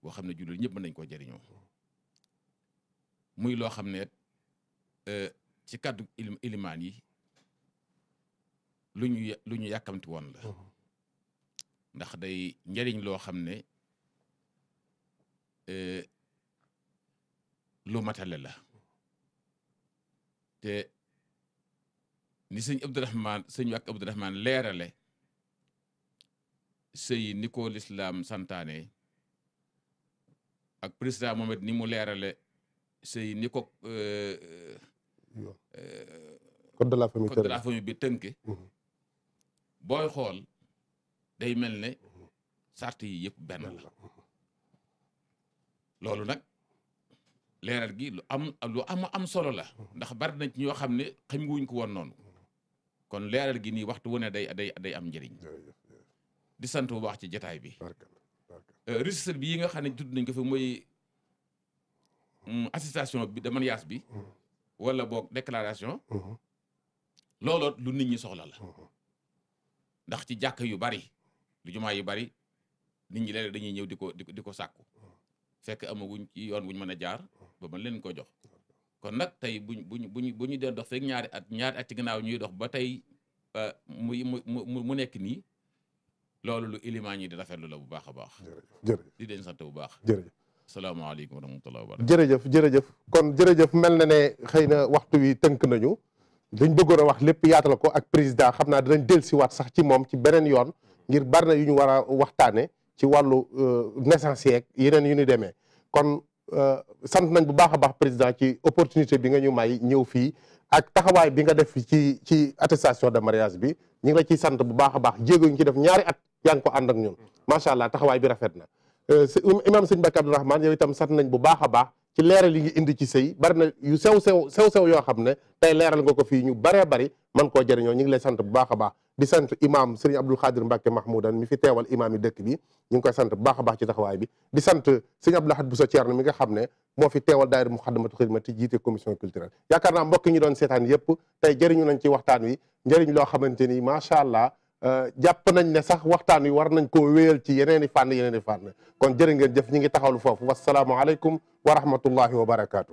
boo xam ne jullit ñëpp mën nañ koo jariñoo muy loo xam ne euh, ci kàddu ilimaan yi lu ñu lu ñu yàkkamti woon la mhm. ndax day njëriñ loo xam ne euh, lu matale la te ni sëñ Abdourahman sëñ wàkk Abdourahman leerale sëy ni ko lislaam santaane ak président Mohamed ni mu leerale sëy ni ko. Euh, euh, euh, code de la famille la famille bi tënke mhm. booy xool day mel ne mhm. sart yi yëpp benn la mhm. loolu nag leeral gi lu am lu am am solo la ndax bari na ci ñoo xam ne xam wuñ ko woon noonu kon leeral gi nii waxtu wu ne day day day am njëriñ di sant bu baax ci jataay bi registre bi yi nga xam ne tudd nañ ko fi muy Mm, attestation bi de mariage bi mm-hmm. wala boog déclaration mm-hmm. looloo lu nit ñi soxla la mm-hmm. ndax ci jàkk yu bari lu jumaa yu bari nit ñi léeg dañuy ñëw di ko di ko sàkku fekk amaguñ ci yoon wuñ mën a jaar ba mën leen ko jox kon nag tey buñ buñ buñ bu ñu dee dox fekk ñaari at ñaari at ci gannaaw ñuy dox ba tey euh, muy mu mu nekk nii loolu lu ilimaan ñi di rafetlu la bu baax a baax. jërëjëf di leen sant bu baax jërëjëf. salaamaaleykum wa rahmatulah wa barakatuh jërëjëf jërëjëf kon jërëjëf mel na ne xëy na waxtu wi tënk nañu dañ bëggoon a wax lépp yaatal ko ak président xam naa dinañ dellu siwaat sax ci moom ci beneen yoon ngir bari na yu ñu war a waxtaane ci wàllu euh, naissance yeeg yeneen yu ñu demee kon euh, sant nañ bu baax a baax président ci opportunité bi nga ñu may ñëw fii ak taxawaay bi nga def ci ci attestation de mariage bi ñu ngi la ciy sant bu baax a baax jéego ñu ci def ñaari at yaa ko ànd ak ñun macha allah taxawaay bi rafet na Euh, imam sëñ Mbàkke Abdu Rahmaan yow itam sant nañ bu baax a baax ci leeral yi ngi indi ci sëy bari na yu sew sew sew sew yoo xam ne tey leeral nga ko fii ñu baree bari man koo jëriñoo ñu ngi lay sant bu baax a baax di sant imam sëriñ Abdul Xaadir Mbàkke Mahmoudan mi fi teewal imam yi dëkk bi ñu ngi koy sant bu baax baax ci taxawaay bi di sant sëñ Abdul Ahad Bousso Thierno mi nga xam ne moo fi teewal daayira Muxaddamatul Xidma ti jiite commission culturelle yaakaar naa mbokk ñu doon seetaan yépp tey jëriñu nañ ci waxtaan wi njëriñ loo xamante ni macha allah Euh, jàpp nañ ne sax waxtaan wi war nañ koo wéyal ci yeneen i fànn yeneen i fànn kon jërë ngeen jëf ñi ngi taxawlu foofu wasalaamualeykum wa rahmatullahi wa barakaatu.